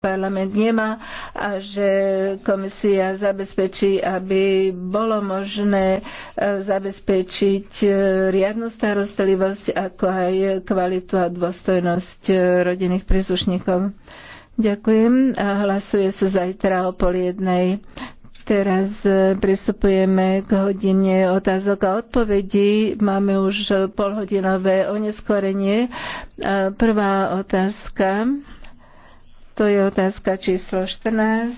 parlament nemá a že komisia zabezpečí, aby bolo možné e, zabezpečiť e, riadnu starostlivosť, ako aj kvalitu a dôstojnosť e, rodinných príslušníkov. Ďakujem a hlasuje sa zajtra o pol jednej. Teraz pristupujeme k hodine otázok a odpovedí. Máme už polhodinové oneskorenie. Prvá otázka. To je otázka číslo 14,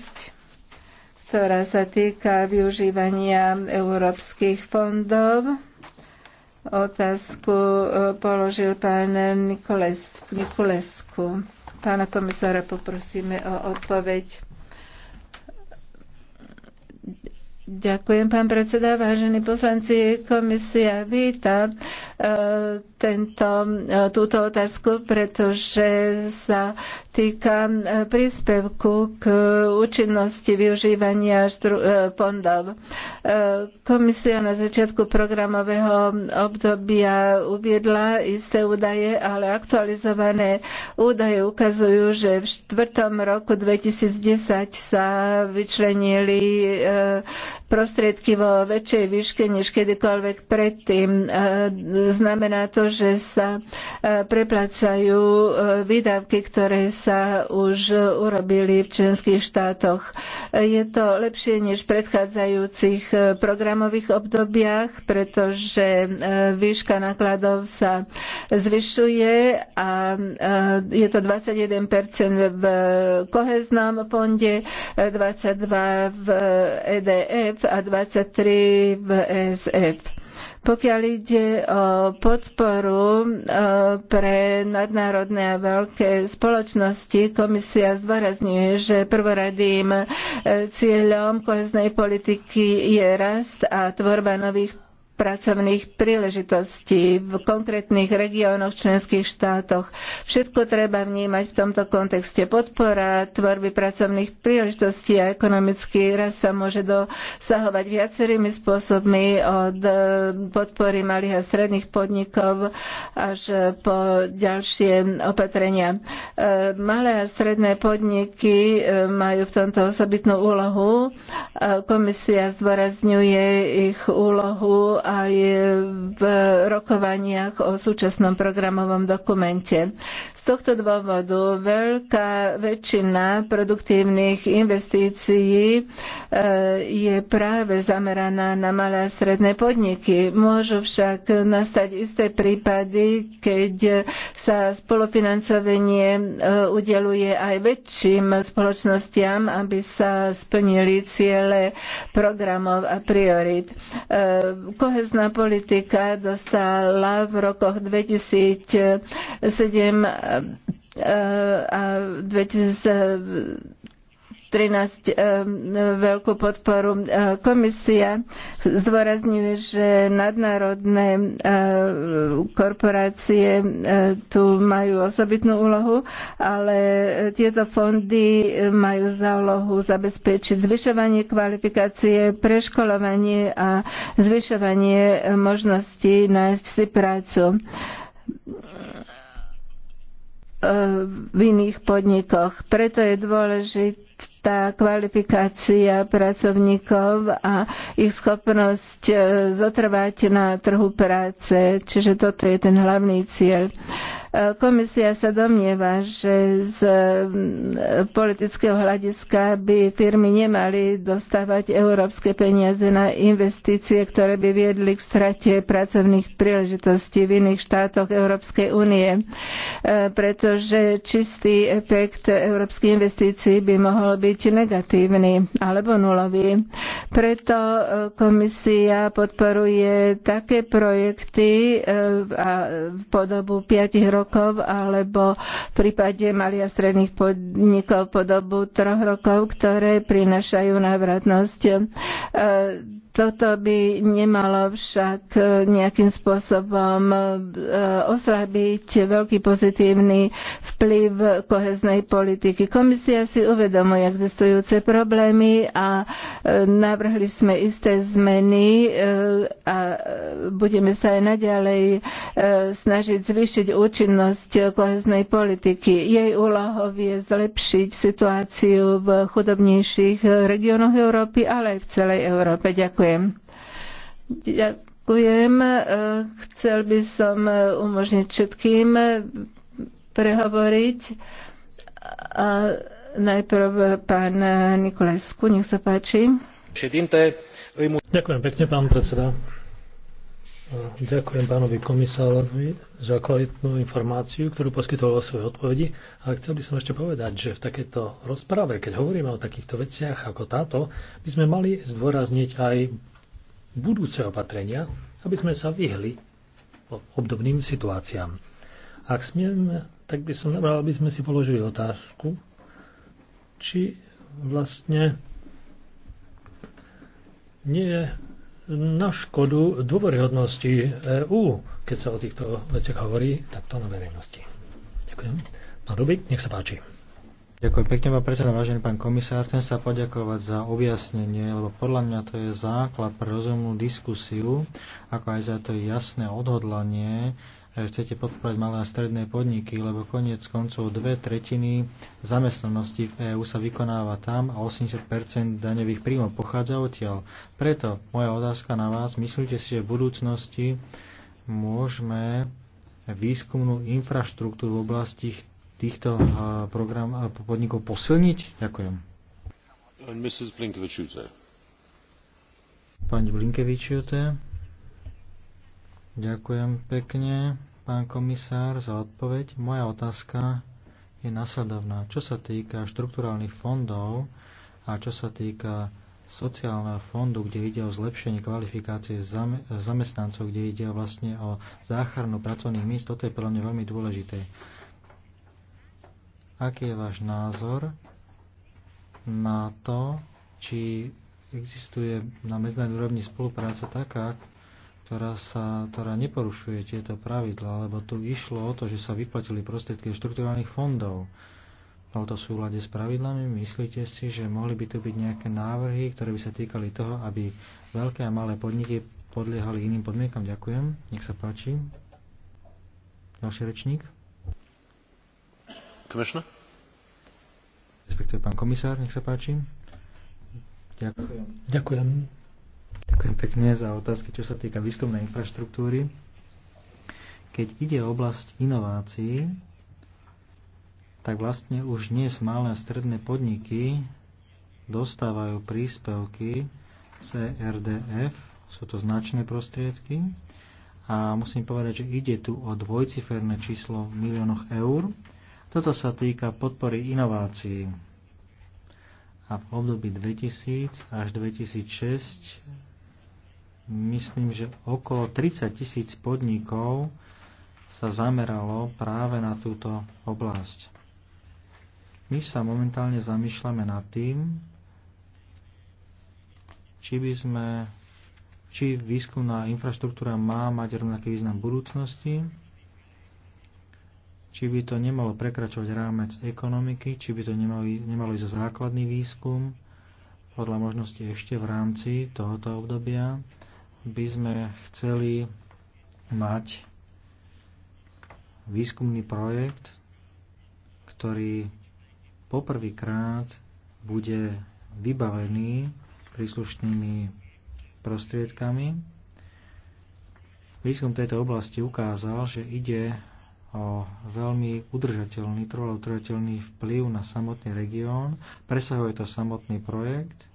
ktorá sa týka využívania európskych fondov. Otázku e, položil pán Nikolesku. Pána komisára poprosíme o odpoveď. Ďakujem, pán predseda. Vážení poslanci, komisia vítam tento, túto otázku, pretože sa týka e, príspevku k účinnosti využívania e, fondov. E, komisia na začiatku programového obdobia uviedla isté údaje, ale aktualizované údaje ukazujú, že v štvrtom roku 2010 sa vyčlenili prostriedky vo väčšej výške než kedykoľvek predtým. Znamená to, že sa e, preplácajú e, výdavky, ktoré sa už urobili v členských štátoch. E, je to lepšie než v predchádzajúcich programových obdobiach, pretože výška nákladov sa zvyšuje a je to 21% v koheznom fonde, 22 v EDF a 23 v ESF. Pokiaľ ide o podporu e, pre nadnárodné a veľké spoločnosti, komisia zdôrazňuje, že prvoradým e, cieľom koheznej politiky je rast a tvorba nových pracovných príležitostí v konkrétnych regiónoch členských štátoch. Všetko treba vnímať v tomto kontexte. Podpora tvorby pracovných príležitostí a ekonomický rast sa môže dosahovať viacerými spôsobmi od e, podpory malých a stredných podnikov až po ďalšie opatrenia. E, malé a stredné podniky e, majú v tomto osobitnú úlohu Komisia zdôrazňuje ich úlohu aj v rokovaniach o súčasnom programovom dokumente. Z tohto dôvodu veľká väčšina produktívnych investícií je práve zameraná na malé a stredné podniky. Môžu však nastať isté prípady, keď sa spolufinancovanie e, udeluje aj väčším spoločnostiam, aby sa splnili ciele programov a priorit. E, kohezná politika dostala v rokoch 2007 e, a 2000 2013 eh, veľkú podporu. Eh, komisia zdôrazňuje, že nadnárodné eh, korporácie tu majú osobitnú úlohu, ale tieto fondy majú za úlohu zabezpečiť zvyšovanie kvalifikácie, preškolovanie a zvyšovanie možností nájsť si prácu v iných podnikoch. Preto je dôležité tá kvalifikácia pracovníkov a ich schopnosť e, zotrvať na trhu práce. Čiže toto je ten hlavný cieľ. Komisia sa domnieva, že z mm, politického hľadiska by firmy nemali dostávať európske peniaze na investície, ktoré by viedli k strate pracovných príležitostí v iných štátoch Európskej únie, e, pretože čistý efekt európskych investícií by mohol byť negatívny alebo nulový. Preto e, komisia podporuje také projekty e, a v podobu 5 rokov rokov alebo v prípade malých a stredných podnikov po dobu troch rokov, ktoré prinašajú návratnosť eh, toto by nemalo však e, nejakým spôsobom e, oslabiť veľký pozitívny vplyv koheznej politiky. Komisia si uvedomuje existujúce problémy a e, navrhli sme isté zmeny a budeme sa aj naďalej snažiť zvýšiť účinnosť koheznej politiky. Jej úlohou je zlepšiť situáciu v chudobnejších regiónoch Európy, ale aj v celej Európe. Ďakujem. Ďakujem. Ďakujem. E, chcel by som umožniť všetkým prehovoriť. A najprv pán Nikolesku, nech sa páči. Ďakujem pekne, pán predseda. Ďakujem pánovi komisárovi za kvalitnú informáciu, ktorú poskytol vo svojej odpovedi. A chcel by som ešte povedať, že v takejto rozprave, keď hovoríme o takýchto veciach ako táto, by sme mali zdôrazniť aj budúce opatrenia, aby sme sa vyhli obdobným situáciám. Ak smiem, tak by som nabral, aby sme si položili otázku, či vlastne nie je na škodu dôveryhodnosti EÚ, keď sa o týchto veciach hovorí takto na verejnosti. Ďakujem. Pán Rubik, nech sa páči. Ďakujem pekne, pán predseda, vážený pán komisár. Chcem sa poďakovať za objasnenie, lebo podľa mňa to je základ pre rozumnú diskusiu, ako aj za to jasné odhodlanie E, chcete podporiť malé a stredné podniky, lebo koniec koncov dve tretiny zamestnanosti v EÚ sa vykonáva tam a 80 daňových príjmov pochádza odtiaľ. Preto moja otázka na vás, myslíte si, že v budúcnosti môžeme výskumnú infraštruktúru v oblasti týchto e, program, e, podnikov posilniť? Ďakujem. Pani Blinkevičiute. Ďakujem pekne, pán komisár, za odpoveď. Moja otázka je nasledovná. Čo sa týka štrukturálnych fondov a čo sa týka sociálneho fondu, kde ide o zlepšenie kvalifikácie zamestnancov, kde ide vlastne o záchranu pracovných míst, toto je podľa mňa veľmi dôležité. Aký je váš názor na to, či existuje na medzinárodnej úrovni spolupráca taká, ktorá, sa, ktorá neporušuje tieto pravidla, lebo tu išlo o to, že sa vyplatili prostriedky štrukturálnych fondov. Bolo to v súlade s pravidlami? Myslíte si, že mohli by tu byť nejaké návrhy, ktoré by sa týkali toho, aby veľké a malé podniky podliehali iným podmienkam? Ďakujem. Nech sa páči. Ďalší rečník. Komisár. Respektuje pán komisár, nech sa páči. Ďakujem. Ďakujem. Ďakujem pekne za otázky, čo sa týka výskumnej infraštruktúry. Keď ide o oblasť inovácií, tak vlastne už dnes malé a stredné podniky dostávajú príspevky CRDF, e sú to značné prostriedky a musím povedať, že ide tu o dvojciferné číslo v miliónoch eur. Toto sa týka podpory inovácií a v období 2000 až 2006 myslím, že okolo 30 tisíc podnikov sa zameralo práve na túto oblasť. My sa momentálne zamýšľame nad tým, či by sme či výskumná infraštruktúra má mať rovnaký význam budúcnosti, či by to nemalo prekračovať rámec ekonomiky, či by to nemalo, nemalo ísť za základný výskum, podľa možnosti ešte v rámci tohoto obdobia, by sme chceli mať výskumný projekt, ktorý poprvýkrát bude vybavený príslušnými prostriedkami. Výskum tejto oblasti ukázal, že ide o veľmi udržateľný, trvalo udržateľný vplyv na samotný región. Presahuje to samotný projekt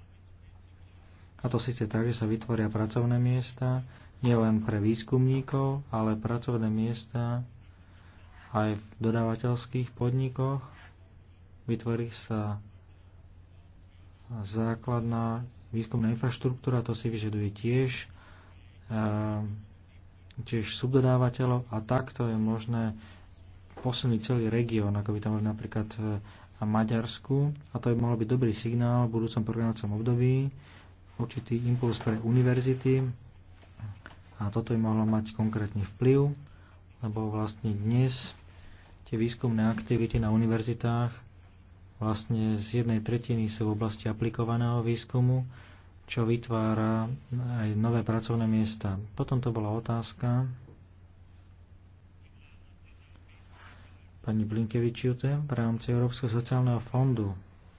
a to síce tak, že sa vytvoria pracovné miesta, nielen pre výskumníkov, ale pracovné miesta aj v dodávateľských podnikoch. Vytvorí sa základná výskumná infraštruktúra, to si vyžaduje tiež, e, tiež subdodávateľov a takto je možné posunúť celý región, ako by tam boli napríklad eh, v Maďarsku a to by mohol byť dobrý signál v budúcom programovacom období, určitý impuls pre univerzity a toto by mohlo mať konkrétny vplyv, lebo vlastne dnes tie výskumné aktivity na univerzitách vlastne z jednej tretiny sú v oblasti aplikovaného výskumu, čo vytvára aj nové pracovné miesta. Potom to bola otázka pani Blinkevičiute v rámci Európskeho sociálneho fondu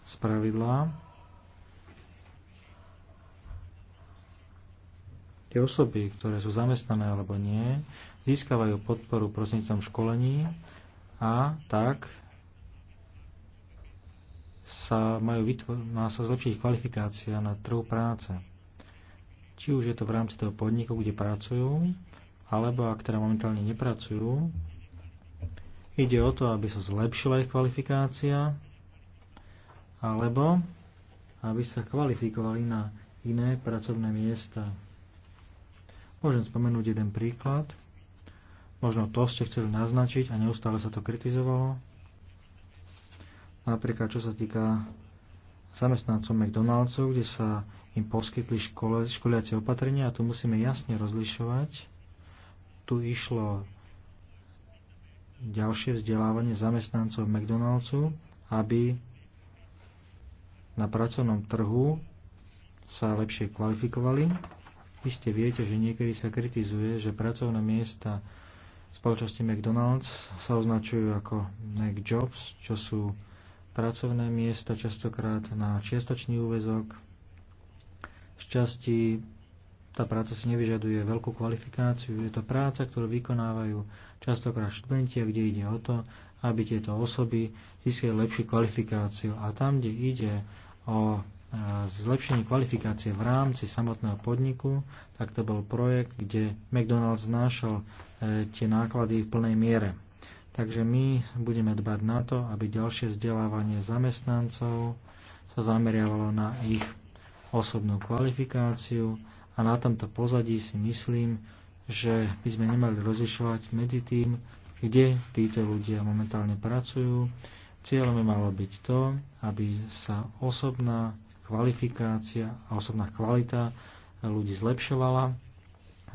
spravidla. pravidla tie osoby, ktoré sú zamestnané alebo nie, získavajú podporu prosnicom školení a tak sa majú má sa zlepšiť kvalifikácia na trhu práce. Či už je to v rámci toho podniku, kde pracujú, alebo ak teda momentálne nepracujú, ide o to, aby sa zlepšila ich kvalifikácia, alebo aby sa kvalifikovali na iné pracovné miesta. Môžem spomenúť jeden príklad. Možno to ste chceli naznačiť a neustále sa to kritizovalo. Napríklad čo sa týka zamestnancov McDonald'sov, kde sa im poskytli škole, školiacie opatrenia a tu musíme jasne rozlišovať. Tu išlo ďalšie vzdelávanie zamestnancov McDonald'su, aby na pracovnom trhu sa lepšie kvalifikovali Iste viete, že niekedy sa kritizuje, že pracovné miesta spoločnosti McDonald's sa označujú ako McJobs, čo sú pracovné miesta častokrát na čiastočný úvezok. Z časti tá práca si nevyžaduje veľkú kvalifikáciu. Je to práca, ktorú vykonávajú častokrát študenti, kde ide o to, aby tieto osoby získali lepšiu kvalifikáciu. A tam, kde ide o zlepšenie kvalifikácie v rámci samotného podniku, tak to bol projekt, kde McDonald's znášal e, tie náklady v plnej miere. Takže my budeme dbať na to, aby ďalšie vzdelávanie zamestnancov sa zameriavalo na ich osobnú kvalifikáciu a na tomto pozadí si myslím, že by sme nemali rozlišovať medzi tým, kde títo ľudia momentálne pracujú. Cieľom by malo byť to, aby sa osobná kvalifikácia a osobná kvalita ľudí zlepšovala,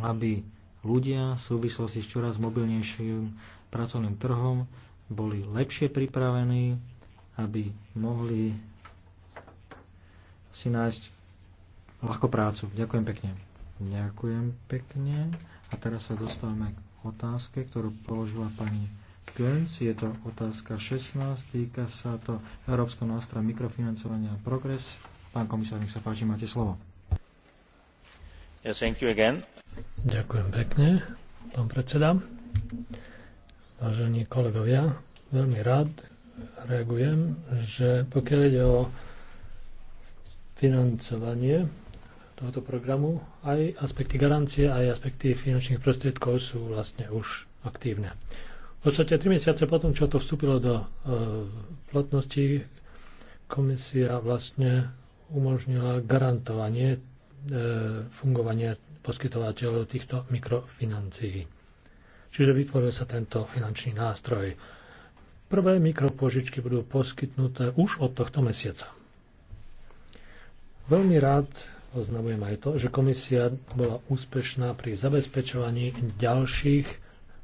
aby ľudia v súvislosti s čoraz mobilnejším pracovným trhom boli lepšie pripravení, aby mohli si nájsť ľahko prácu. Ďakujem pekne. Ďakujem pekne. A teraz sa dostávame k otázke, ktorú položila pani Gönc. Je to otázka 16, týka sa to Európskeho nástroja mikrofinancovania Progress. Pán komisár, nech sa páči, máte slovo. Yeah, thank you again. Ďakujem pekne, pán predseda. Vážení kolegovia, veľmi rád reagujem, že pokiaľ ide o financovanie tohoto programu, aj aspekty garancie, aj aspekty finančných prostriedkov sú vlastne už aktívne. V podstate tri mesiace potom, čo to vstúpilo do e, platnosti, komisia vlastne umožnila garantovanie e, fungovanie poskytovateľov týchto mikrofinancií. Čiže vytvoril sa tento finančný nástroj. Prvé mikropožičky budú poskytnuté už od tohto mesiaca. Veľmi rád oznamujem aj to, že komisia bola úspešná pri zabezpečovaní ďalších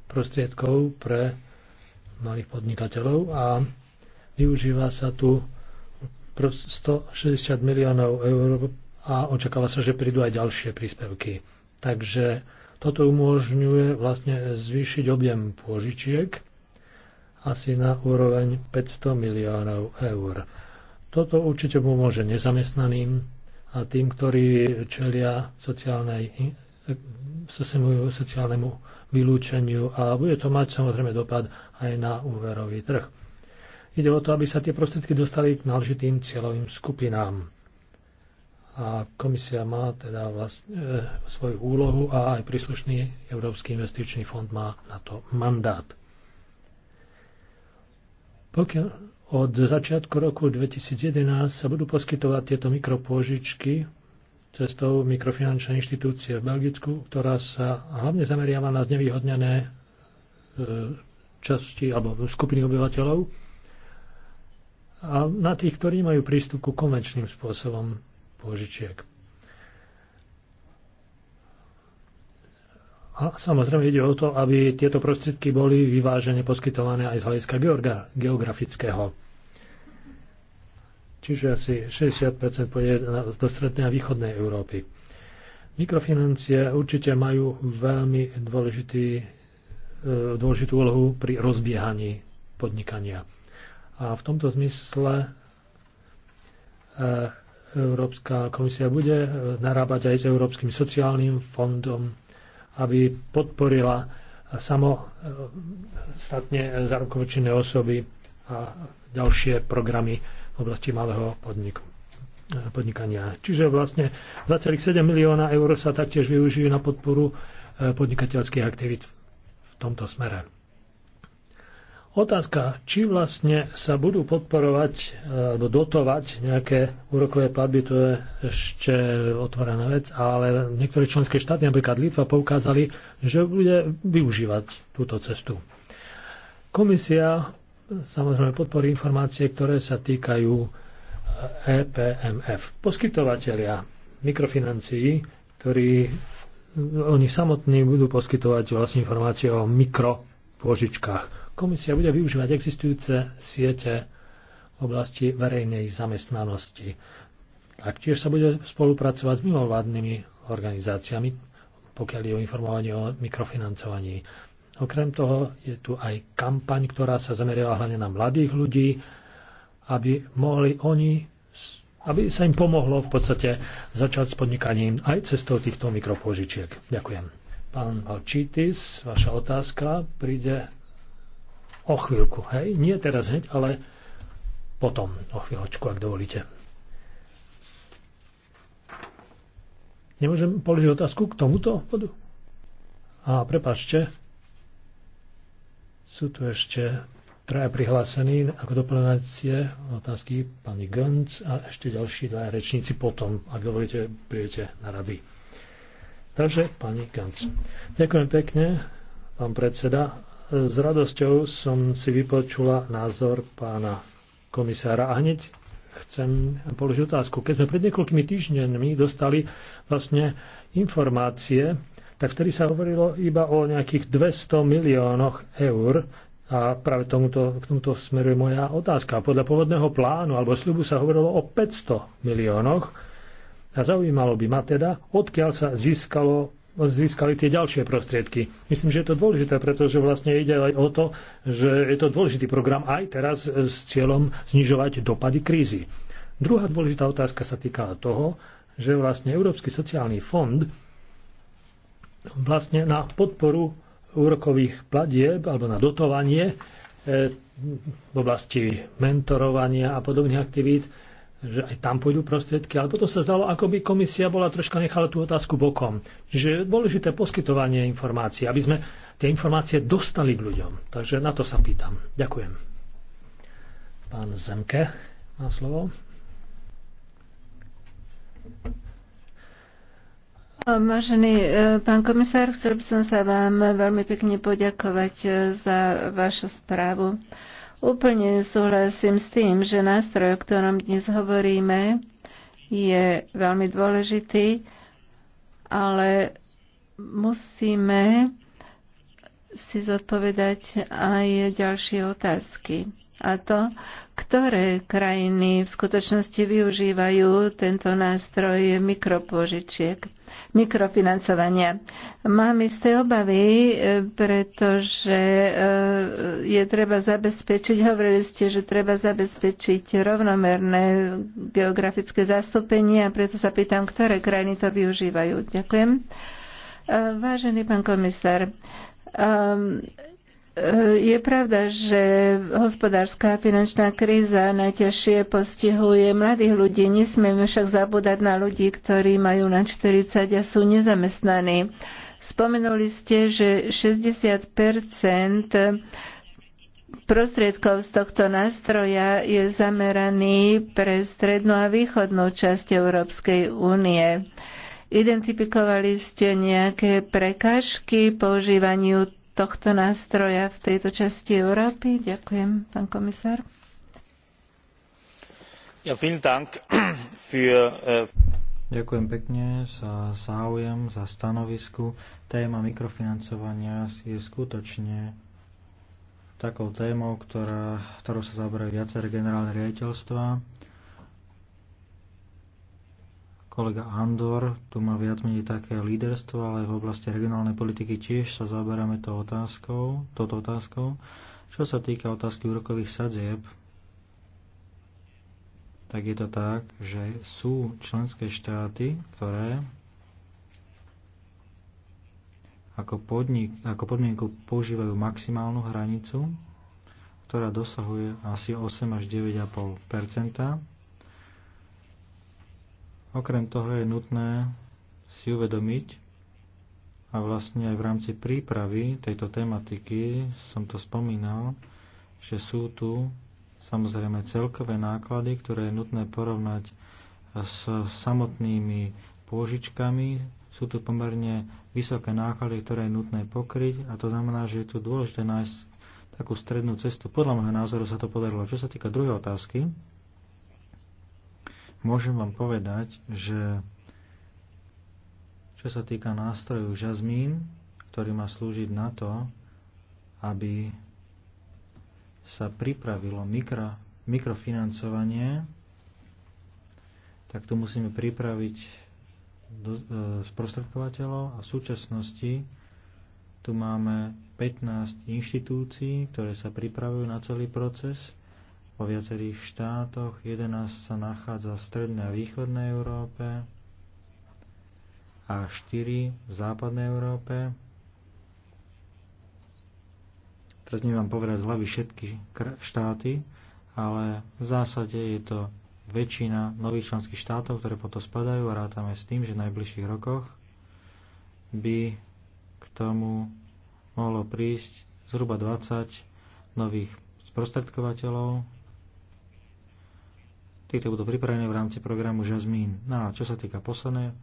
prostriedkov pre malých podnikateľov a využíva sa tu 160 miliónov eur a očakáva sa, že prídu aj ďalšie príspevky. Takže toto umožňuje vlastne zvýšiť objem pôžičiek asi na úroveň 500 miliónov eur. Toto určite pomôže nezamestnaným a tým, ktorí čelia sociálnej, sociálnemu vylúčeniu a bude to mať samozrejme dopad aj na úverový trh. Ide o to, aby sa tie prostriedky dostali k náležitým cieľovým skupinám. A komisia má teda vlastne e, svoju úlohu a aj príslušný Európsky investičný fond má na to mandát. Pokiaľ od začiatku roku 2011 sa budú poskytovať tieto mikropôžičky cestou mikrofinančnej inštitúcie v Belgicku, ktorá sa hlavne zameriava na znevýhodnené e, časti alebo skupiny obyvateľov a na tých, ktorí majú prístup ku konvenčným spôsobom požičiek. A samozrejme ide o to, aby tieto prostriedky boli vyvážene poskytované aj z hľadiska geografického. Čiže asi 60% pôjde do strednej a východnej Európy. Mikrofinancie určite majú veľmi dôležitý, e, dôležitú úlohu pri rozbiehaní podnikania. A v tomto zmysle e, Európska komisia bude e, narábať aj s Európskym sociálnym fondom, aby podporila samostatne zárukovočinné osoby a ďalšie programy v oblasti malého podniku e, podnikania. Čiže vlastne 2,7 milióna eur sa taktiež využijú na podporu podnikateľských aktivít v tomto smere. Otázka, či vlastne sa budú podporovať e, alebo dotovať nejaké úrokové platby, to je ešte otvorená vec, ale niektoré členské štáty, napríklad Litva, poukázali, že bude využívať túto cestu. Komisia samozrejme podporí informácie, ktoré sa týkajú EPMF. E Poskytovateľia mikrofinancií, ktorí oni samotní budú poskytovať vlastne informácie o mikropôžičkách komisia bude využívať existujúce siete v oblasti verejnej zamestnanosti. Taktiež sa bude spolupracovať s mimovládnymi organizáciami, pokiaľ je o informovanie o mikrofinancovaní. Okrem toho je tu aj kampaň, ktorá sa zameriava hlavne na mladých ľudí, aby mohli oni, aby sa im pomohlo v podstate začať s podnikaním aj cestou týchto mikropožičiek. Ďakujem. Pán Valčítis, vaša otázka príde o chvíľku, hej? Nie teraz hneď, ale potom, o chvíľočku, ak dovolíte. Nemôžem položiť otázku k tomuto bodu? A prepáčte, sú tu ešte traja prihlásení ako doplňacie otázky pani Gönc a ešte ďalší dva rečníci potom, ak dovolíte, budete na rabi. Takže pani Gönc. Ďakujem pekne, pán predseda, s radosťou som si vypočula názor pána komisára a hneď chcem položiť otázku. Keď sme pred niekoľkými týždňami dostali vlastne informácie, tak vtedy sa hovorilo iba o nejakých 200 miliónoch eur a práve tomuto, k tomuto smeruje moja otázka. Podľa pôvodného plánu alebo sľubu sa hovorilo o 500 miliónoch a zaujímalo by ma teda, odkiaľ sa získalo získali tie ďalšie prostriedky. Myslím, že je to dôležité, pretože vlastne ide aj o to, že je to dôležitý program aj teraz s cieľom znižovať dopady krízy. Druhá dôležitá otázka sa týka toho, že vlastne Európsky sociálny fond vlastne na podporu úrokových platieb alebo na dotovanie eh, v oblasti mentorovania a podobných aktivít že aj tam pôjdu prostriedky, ale potom sa zdalo, ako by komisia bola troška nechala tú otázku bokom. Čiže je dôležité poskytovanie informácií, aby sme tie informácie dostali k ľuďom. Takže na to sa pýtam. Ďakujem. Pán Zemke má slovo. Vážený e, pán komisár, chcel by som sa vám veľmi pekne poďakovať e, za vašu správu. Úplne súhlasím s tým, že nástroj, o ktorom dnes hovoríme, je veľmi dôležitý, ale musíme si zodpovedať aj ďalšie otázky a to, ktoré krajiny v skutočnosti využívajú tento nástroj mikropožičiek, mikrofinancovania. Mám isté obavy, e, pretože e, je treba zabezpečiť, hovorili ste, že treba zabezpečiť rovnomerné geografické zastúpenie a preto sa pýtam, ktoré krajiny to využívajú. Ďakujem. E, vážený pán komisár, je pravda, že hospodárska a finančná kríza najťažšie postihuje mladých ľudí. Nesmieme však zabúdať na ľudí, ktorí majú na 40 a sú nezamestnaní. Spomenuli ste, že 60 prostriedkov z tohto nástroja je zameraný pre strednú a východnú časť Európskej únie. Identifikovali ste nejaké prekažky používaniu tohto nástroja v tejto časti Európy? Ďakujem, pán komisár. Ja, vielen Dank für, eh, Ďakujem pekne za záujem, za stanovisku. Téma mikrofinancovania je skutočne takou témou, ktorá, ktorou sa zaberajú viaceré generálne riaditeľstva kolega Andor tu má viac menej také líderstvo, ale v oblasti regionálnej politiky tiež sa zaberáme to otázkou, toto otázkou. Čo sa týka otázky úrokových sadzieb, tak je to tak, že sú členské štáty, ktoré ako, podnik, ako podmienku používajú maximálnu hranicu, ktorá dosahuje asi 8 až 9,5 Okrem toho je nutné si uvedomiť, a vlastne aj v rámci prípravy tejto tematiky som to spomínal, že sú tu samozrejme celkové náklady, ktoré je nutné porovnať s samotnými pôžičkami. Sú tu pomerne vysoké náklady, ktoré je nutné pokryť a to znamená, že je tu dôležité nájsť takú strednú cestu. Podľa môjho názoru sa to podarilo. Čo sa týka druhej otázky, môžem vám povedať, že čo sa týka nástroju Žazmín, ktorý má slúžiť na to, aby sa pripravilo mikro, mikrofinancovanie, tak tu musíme pripraviť do, e, sprostredkovateľov a v súčasnosti tu máme 15 inštitúcií, ktoré sa pripravujú na celý proces vo viacerých štátoch, 11 sa nachádza v strednej a východnej Európe a 4 v západnej Európe. Teraz nemám povedať z hlavy všetky štáty, ale v zásade je to väčšina nových členských štátov, ktoré potom spadajú a rátame s tým, že v najbližších rokoch by k tomu mohlo prísť zhruba 20 nových sprostredkovateľov tieto budú pripravené v rámci programu Jasmine. No a čo sa týka poslednej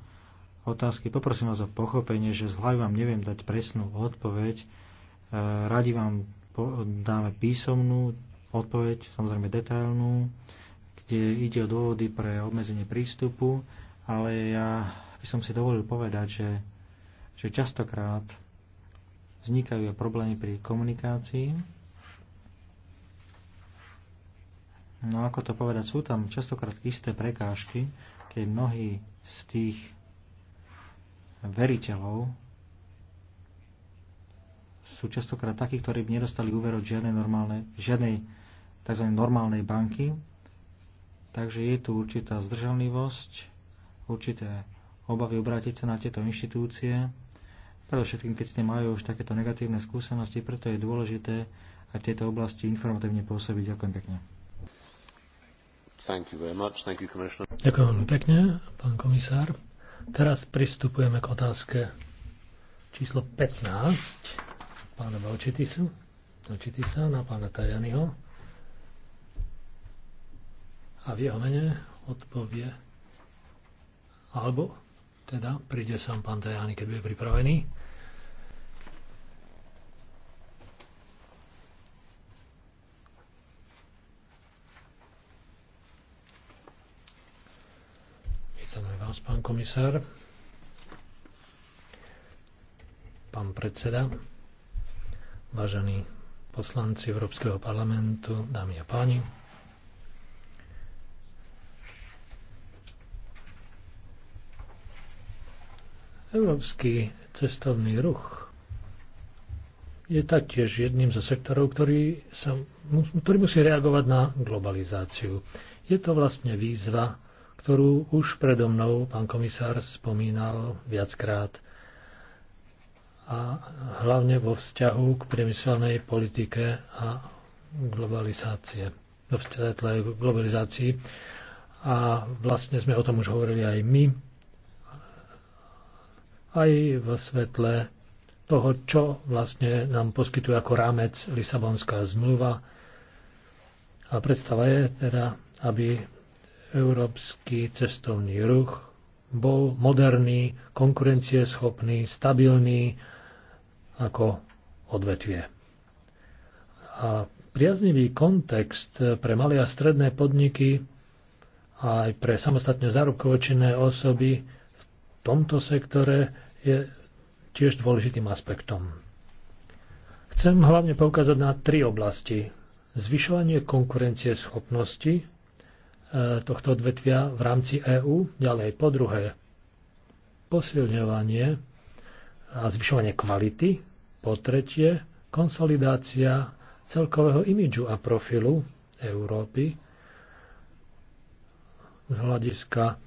otázky, poprosím vás o pochopenie, že z hlavy vám neviem dať presnú odpoveď. E, radi vám dáme písomnú odpoveď, samozrejme detailnú, kde ide o dôvody pre obmedzenie prístupu, ale ja by som si dovolil povedať, že, že častokrát vznikajú problémy pri komunikácii No ako to povedať, sú tam častokrát isté prekážky, keď mnohí z tých veriteľov sú častokrát takí, ktorí by nedostali úver od žiadnej, normálnej, žiadnej tzv. normálnej banky. Takže je tu určitá zdržanlivosť, určité obavy obrátiť sa na tieto inštitúcie, predovšetkým keď ste majú už takéto negatívne skúsenosti, preto je dôležité aj tieto oblasti informatívne pôsobiť. Ďakujem pekne. Ďakujem veľmi pekne, pán komisár. Teraz pristupujeme k otázke číslo 15 pána Balčitisu, Balčitisa na pána Tajaniho. A v jeho mene odpovie, alebo teda príde sám pán Tajani, keď bude pripravený. vás, pán komisár. Pán predseda, vážení poslanci Európskeho parlamentu, dámy a páni. Európsky cestovný ruch je taktiež jedným zo sektorov, ktorý, sa, ktorý musí reagovať na globalizáciu. Je to vlastne výzva ktorú už predo mnou pán komisár spomínal viackrát a hlavne vo vzťahu k priemyselnej politike a globalizácie, v svetle globalizácii. A vlastne sme o tom už hovorili aj my, aj v svetle toho, čo vlastne nám poskytuje ako rámec Lisabonská zmluva. A predstava je teda, aby Európsky cestovný ruch bol moderný, konkurencieschopný, stabilný ako odvetvie. A priaznivý kontext pre malé a stredné podniky a aj pre samostatne zárobkovočinné osoby v tomto sektore je tiež dôležitým aspektom. Chcem hlavne poukázať na tri oblasti. Zvyšovanie konkurencie schopnosti, E, tohto odvetvia v rámci EÚ. Ďalej, po druhé, posilňovanie a zvyšovanie kvality. Po tretie, konsolidácia celkového imidžu a profilu Európy z hľadiska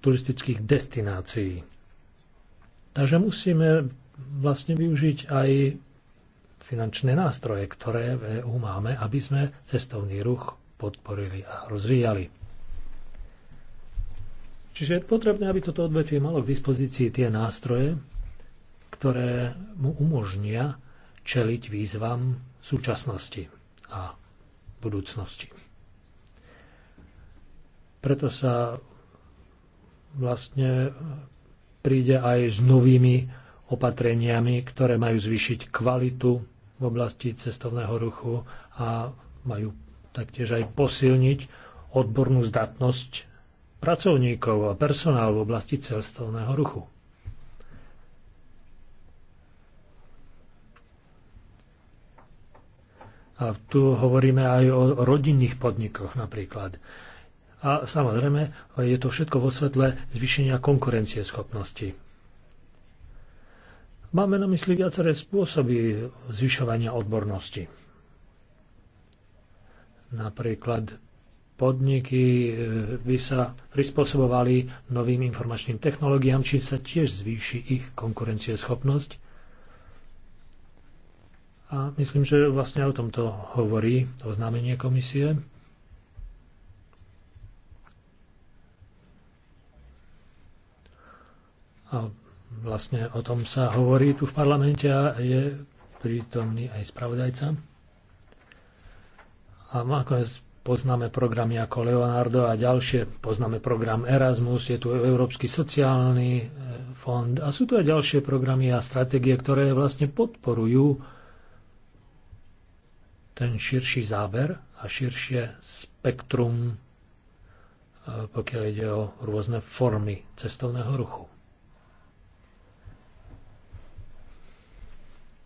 turistických destinácií. Takže musíme vlastne využiť aj finančné nástroje, ktoré v EU máme, aby sme cestovný ruch podporili a rozvíjali. Čiže je potrebné, aby toto odvetvie malo k dispozícii tie nástroje, ktoré mu umožnia čeliť výzvam súčasnosti a budúcnosti. Preto sa vlastne príde aj s novými opatreniami, ktoré majú zvýšiť kvalitu v oblasti cestovného ruchu a majú taktiež aj posilniť odbornú zdatnosť pracovníkov a personál v oblasti celstovného ruchu. A tu hovoríme aj o rodinných podnikoch napríklad. A samozrejme, je to všetko vo svetle zvýšenia konkurencieschopnosti. Máme na mysli viaceré spôsoby zvyšovania odbornosti. Napríklad podniky e, by sa prispôsobovali novým informačným technológiám, či sa tiež zvýši ich konkurencieschopnosť. A myslím, že vlastne o tomto hovorí oznámenie komisie. A vlastne o tom sa hovorí tu v parlamente a je prítomný aj spravodajca. A ako poznáme programy ako Leonardo a ďalšie, poznáme program Erasmus, je tu Európsky sociálny e, fond a sú tu aj ďalšie programy a stratégie, ktoré vlastne podporujú ten širší záber a širšie spektrum, e, pokiaľ ide o rôzne formy cestovného ruchu.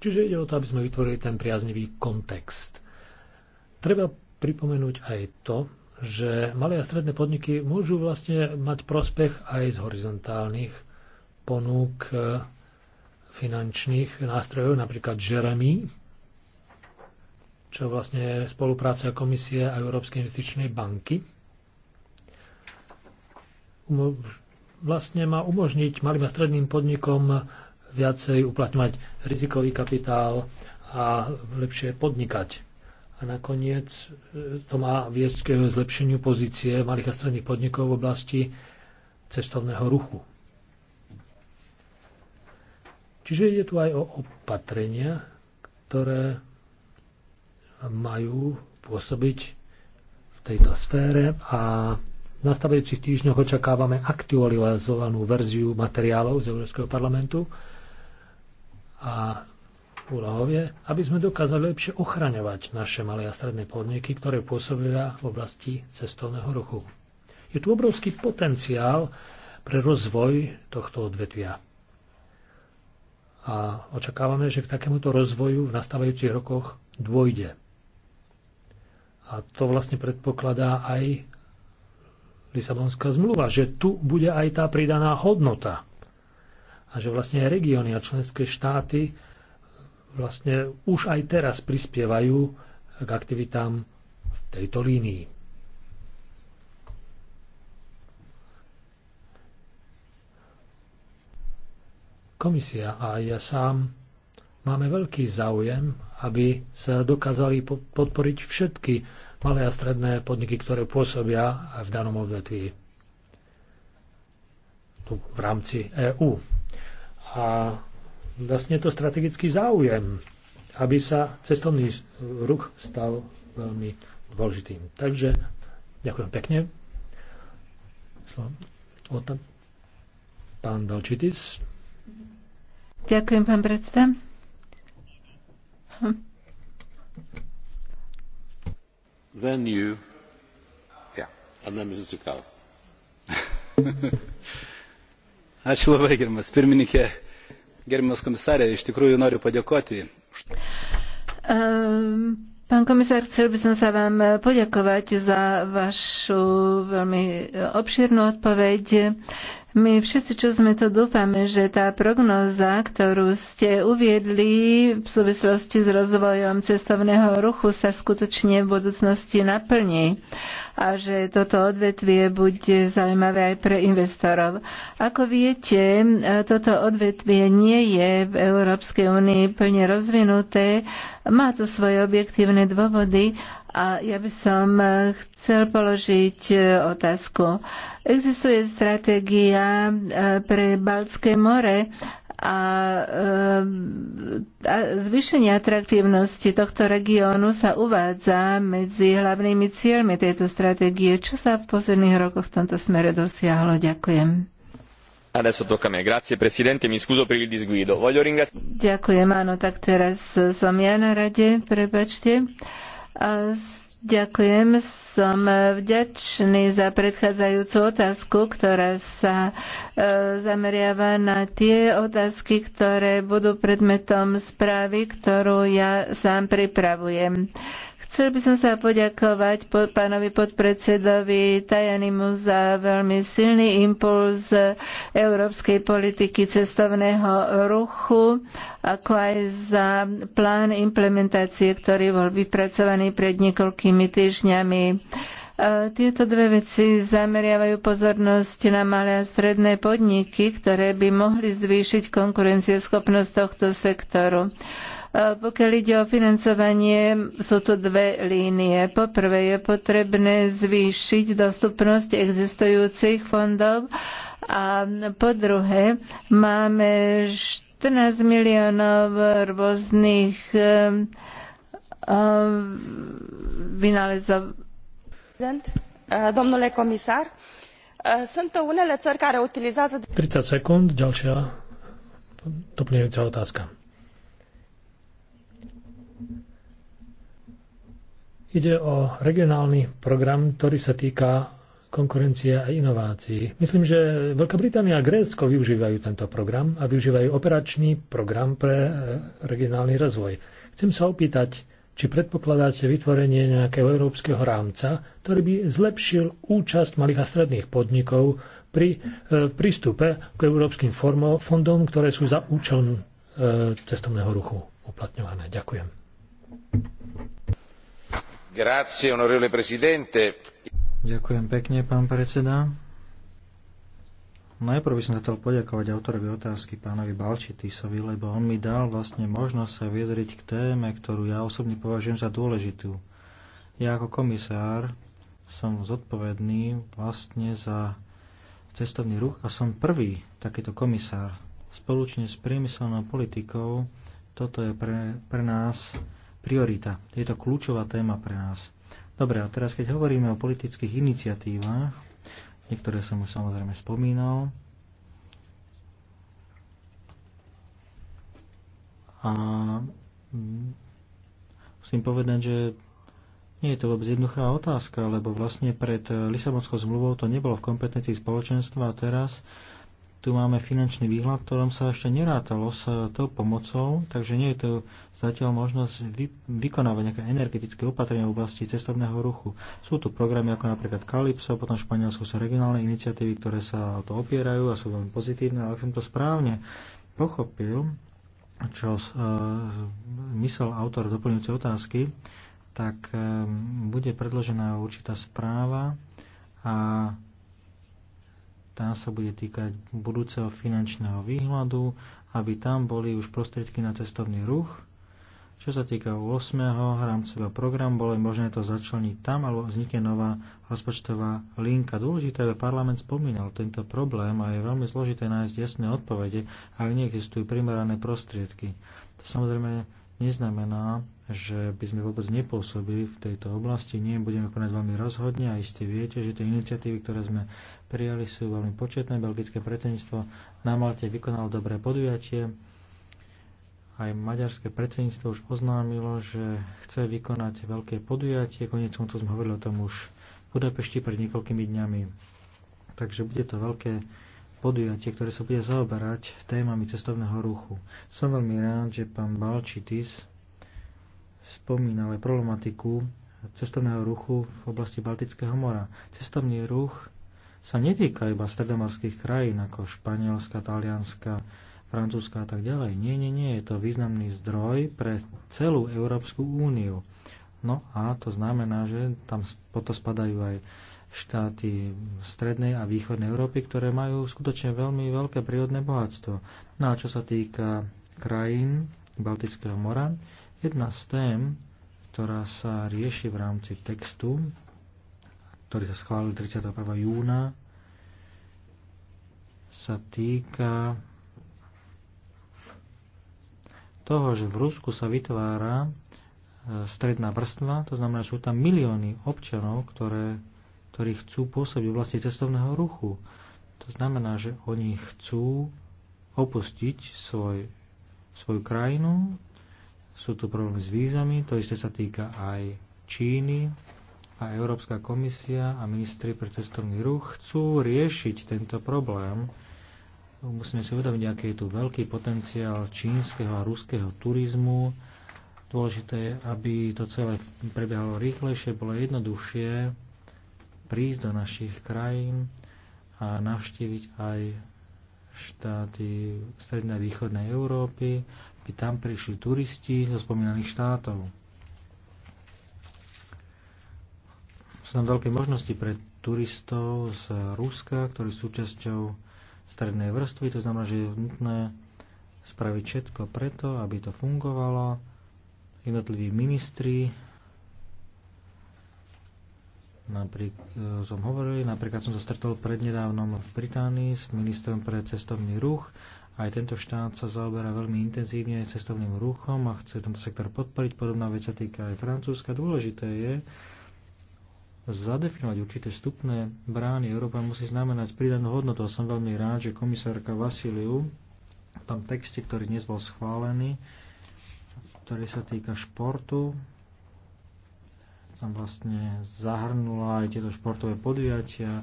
Čiže ide o to, aby sme vytvorili ten priaznivý kontext – Treba pripomenúť aj to, že malé a stredné podniky môžu vlastne mať prospech aj z horizontálnych ponúk e, finančných nástrojov, napríklad Jeremy, čo vlastne je spolupráca Komisie a Európskej investičnej banky. Vlastne má umožniť malým a stredným podnikom viacej uplatňovať rizikový kapitál a lepšie podnikať. A nakoniec e, to má viesť k zlepšeniu pozície malých a stredných podnikov v oblasti cestovného ruchu. Čiže ide tu aj o opatrenia, ktoré majú pôsobiť v tejto sfére a v nastavujúcich týždňoch očakávame aktualizovanú verziu materiálov z Európskeho parlamentu a úlohovie, aby sme dokázali lepšie ochraňovať naše malé a stredné podniky, ktoré pôsobia v oblasti cestovného ruchu. Je tu obrovský potenciál pre rozvoj tohto odvetvia. A očakávame, že k takémuto rozvoju v nastávajúcich rokoch dôjde. A to vlastne predpokladá aj Lisabonská zmluva, že tu bude aj tá pridaná hodnota. A že vlastne aj regióny a členské štáty vlastne už aj teraz prispievajú k aktivitám v tejto línii. Komisia a ja sám máme veľký záujem, aby sa dokázali podporiť všetky malé a stredné podniky, ktoré pôsobia v danom odvetví tu v rámci EÚ. A vlastne to strategický záujem, aby sa cestovný ruch stal veľmi dôležitým. Takže ďakujem pekne. Pán Belčitis. Ďakujem, pán predseda. Hm. Then you. Yeah, and then Mr. Tikal. Ačiū labai, gerbiamas pirmininkė. Gerbiamas komisarė, iš tikrųjų noriu padėkoti. Um, pán komisár, chcel by som sa vám poďakovať za vašu veľmi e, obšírnu odpoveď. My všetci, čo sme to dúfame, že tá prognoza, ktorú ste uviedli v súvislosti s rozvojom cestovného ruchu, sa skutočne v budúcnosti naplní a že toto odvetvie bude zaujímavé aj pre investorov. Ako viete, toto odvetvie nie je v Európskej únii plne rozvinuté, má to svoje objektívne dôvody a ja by som chcel položiť e, otázku. Existuje stratégia e, pre Baltské more a, e, a zvýšenie atraktívnosti tohto regiónu sa uvádza medzi hlavnými cieľmi tejto stratégie. Čo sa v posledných rokoch v tomto smere dosiahlo? Ďakujem. Grazie, ringra... Ďakujem, áno, tak teraz som ja na rade, prepačte. Uh, Ďakujem. Som vďačný za predchádzajúcu otázku, ktorá sa e, zameriava na tie otázky, ktoré budú predmetom správy, ktorú ja sám pripravujem. Chcel by som sa poďakovať pánovi podpredsedovi Tajanimu za veľmi silný impuls európskej politiky cestovného ruchu, ako aj za plán implementácie, ktorý bol vypracovaný pred niekoľkými týždňami. E, tieto dve veci zameriavajú pozornosť na malé a stredné podniky, ktoré by mohli zvýšiť konkurencieschopnosť tohto sektoru. E, pokiaľ ide o financovanie, sú tu dve línie. prvé je potrebné zvýšiť dostupnosť existujúcich fondov a po druhé máme 14 miliónov rôznych e, e, vynálezov. Domnule sunt unele țări care utilizează... 30 sekúnd, ďalšia doplňujúca otázka. Ide o regionálny program, ktorý sa týka konkurencie a inovácií. Myslím, že Veľká Británia a Grécko využívajú tento program a využívajú operačný program pre e, regionálny rozvoj. Chcem sa opýtať, či predpokladáte vytvorenie nejakého európskeho rámca, ktorý by zlepšil účasť malých a stredných podnikov pri e, prístupe k európskym formo, fondom, ktoré sú za účelom e, cestovného ruchu uplatňované. Ďakujem. Ďakujem pekne, pán predseda. Najprv by som sa chcel poďakovať autorovi otázky pánovi Balčitisovi, lebo on mi dal vlastne možnosť sa vyjadriť k téme, ktorú ja osobne považujem za dôležitú. Ja ako komisár som zodpovedný vlastne za cestovný ruch a som prvý takýto komisár. Spolučne s priemyselnou politikou toto je pre, pre nás priorita. Je to kľúčová téma pre nás. Dobre, a teraz keď hovoríme o politických iniciatívach, niektoré som už samozrejme spomínal, a musím povedať, že nie je to vôbec jednoduchá otázka, lebo vlastne pred Lisabonskou zmluvou to nebolo v kompetencii spoločenstva a teraz tu máme finančný výhľad, ktorom sa ešte nerátalo s eh, tou pomocou, takže nie je to zatiaľ možnosť vy, vykonávať nejaké energetické opatrenia v oblasti cestovného ruchu. Sú tu programy ako napríklad Kalipso, potom v Španielsku sú regionálne iniciatívy, ktoré sa o to opierajú a sú veľmi pozitívne, ale ak som to správne pochopil, čo uh, myslel autor doplňujúcej otázky, tak e, bude predložená určitá správa a tá sa bude týkať budúceho finančného výhľadu, aby tam boli už prostriedky na cestovný ruch. Čo sa týka 8. rámcového programu, bolo možné to začleniť tam, alebo vznikne nová rozpočtová linka. Dôležité, aby parlament spomínal tento problém a je veľmi zložité nájsť jasné odpovede, ak neexistujú primerané prostriedky. To samozrejme neznamená, že by sme vôbec nepôsobili v tejto oblasti. Nie, budeme konať veľmi rozhodne a iste viete, že tie iniciatívy, ktoré sme prijali, sú veľmi početné. Belgické predsedníctvo na Malte vykonalo dobré podujatie. Aj maďarské predsedníctvo už oznámilo, že chce vykonať veľké podujatie. Konec koncov sme hovorili o tom už v Budapešti pred niekoľkými dňami. Takže bude to veľké podujatie, ktoré sa bude zaoberať témami cestovného ruchu. Som veľmi rád, že pán Balčitis spomínal aj problematiku cestovného ruchu v oblasti Baltického mora. Cestovný ruch sa netýka iba stredomorských krajín ako Španielska, Talianska, Francúzska a tak ďalej. Nie, nie, nie, je to významný zdroj pre celú Európsku úniu. No a to znamená, že tam potom spadajú aj štáty strednej a východnej Európy, ktoré majú skutočne veľmi veľké prírodné bohatstvo. No a čo sa týka krajín Baltického mora, jedna z tém, ktorá sa rieši v rámci textu, ktorý sa schválil 31. júna, sa týka toho, že v Rusku sa vytvára e, stredná vrstva, to znamená, že sú tam milióny občanov, ktoré ktorí chcú pôsobiť v oblasti cestovného ruchu. To znamená, že oni chcú opustiť svoj, svoju krajinu, sú tu problémy s vízami, to isté sa týka aj Číny a Európska komisia a ministri pre cestovný ruch chcú riešiť tento problém. Musíme si uvedomiť, aký je tu veľký potenciál čínskeho a ruského turizmu. Dôležité je, aby to celé prebiehalo rýchlejšie, bolo jednoduchšie prísť do našich krajín a navštíviť aj štáty strednej a východnej Európy, by tam prišli turisti zo spomínaných štátov. Sú tam veľké možnosti pre turistov z Ruska, ktorí sú súčasťou strednej vrstvy, to znamená, že je nutné spraviť všetko preto, aby to fungovalo. Jednotliví ministri Naprík, eh, som hovoril, napríklad som sa stretol prednedávnom v Británii s ministrom pre cestovný ruch. Aj tento štát sa zaoberá veľmi intenzívne cestovným ruchom a chce tento sektor podporiť. Podobná vec sa týka aj Francúzska. Dôležité je zadefinovať určité stupné brány. Európa musí znamenať pridanú hodnotu a som veľmi rád, že komisárka Vasiliu v tom texte, ktorý dnes bol schválený, ktorý sa týka športu, tam vlastne zahrnula aj tieto športové podujatia,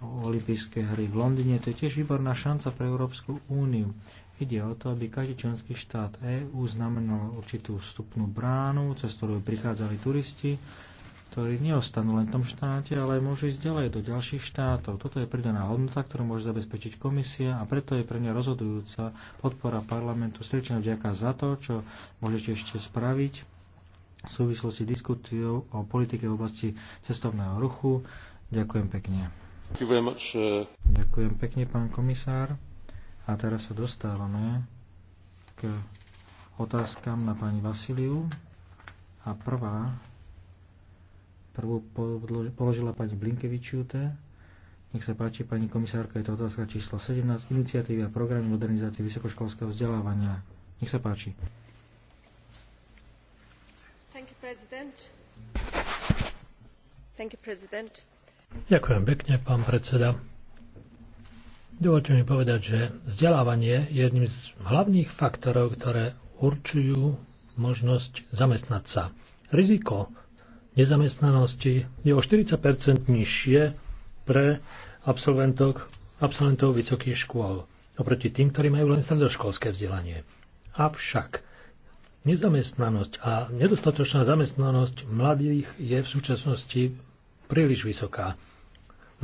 olympijské hry v Londýne. To je tiež výborná šanca pre Európsku úniu. Ide o to, aby každý členský štát EÚ znamenal určitú vstupnú bránu, cez ktorú prichádzali turisti, ktorí neostanú len v tom štáte, ale môžu ísť ďalej do ďalších štátov. Toto je pridaná hodnota, ktorú môže zabezpečiť komisia a preto je pre mňa rozhodujúca podpora parlamentu. Srdečne vďaka za to, čo môžete ešte spraviť v súvislosti diskutujú o politike v oblasti cestovného ruchu. Ďakujem pekne. Uh, Ďakujem pekne, pán komisár. A teraz sa dostávame k otázkam na pani Vasiliu. A prvá, prvú položila pani Blinkevičiute. Nech sa páči, pani komisárka, je to otázka číslo 17, iniciatívy a programy modernizácie vysokoškolského vzdelávania. Nech sa páči. Ďakujem pekne, pán predseda. Dovolte mi povedať, že vzdelávanie je jedným z hlavných faktorov, ktoré určujú možnosť zamestnať sa. Riziko nezamestnanosti je o 40 nižšie pre absolventov, absolventov vysokých škôl oproti tým, ktorí majú len stredoškolské vzdelanie. Avšak Nezamestnanosť a nedostatočná zamestnanosť mladých je v súčasnosti príliš vysoká.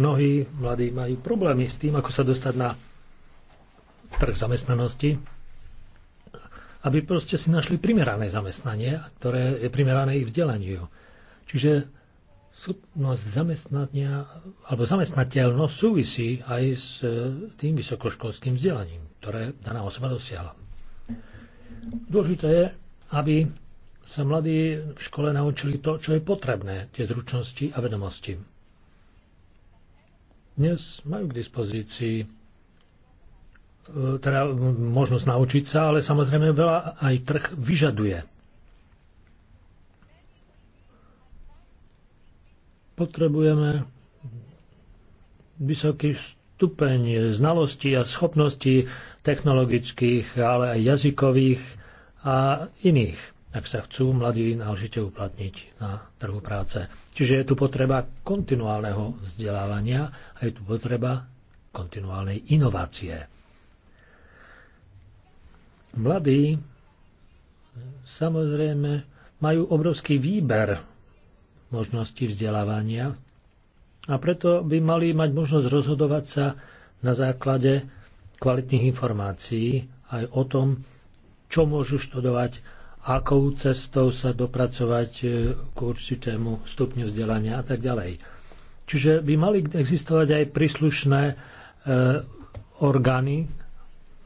Mnohí mladí majú problémy s tým, ako sa dostať na trh zamestnanosti, aby proste si našli primerané zamestnanie, ktoré je primerané ich vzdelaniu. Čiže schopnosť zamestnania alebo zamestnateľnosť súvisí aj s e, tým vysokoškolským vzdelaním, ktoré daná osoba dosiahla. Dôležité je aby sa mladí v škole naučili to, čo je potrebné, tie zručnosti a vedomosti. Dnes majú k dispozícii e, teda možnosť naučiť sa, ale samozrejme veľa aj trh vyžaduje. Potrebujeme vysoký stupeň znalostí a schopností technologických, ale aj jazykových a iných, ak sa chcú mladí náležite uplatniť na trhu práce. Čiže je tu potreba kontinuálneho vzdelávania a je tu potreba kontinuálnej inovácie. Mladí samozrejme majú obrovský výber možností vzdelávania a preto by mali mať možnosť rozhodovať sa na základe kvalitných informácií aj o tom, čo môžu študovať, akou cestou sa dopracovať e, k určitému stupňu vzdelania a tak ďalej. Čiže by mali existovať aj príslušné e, orgány,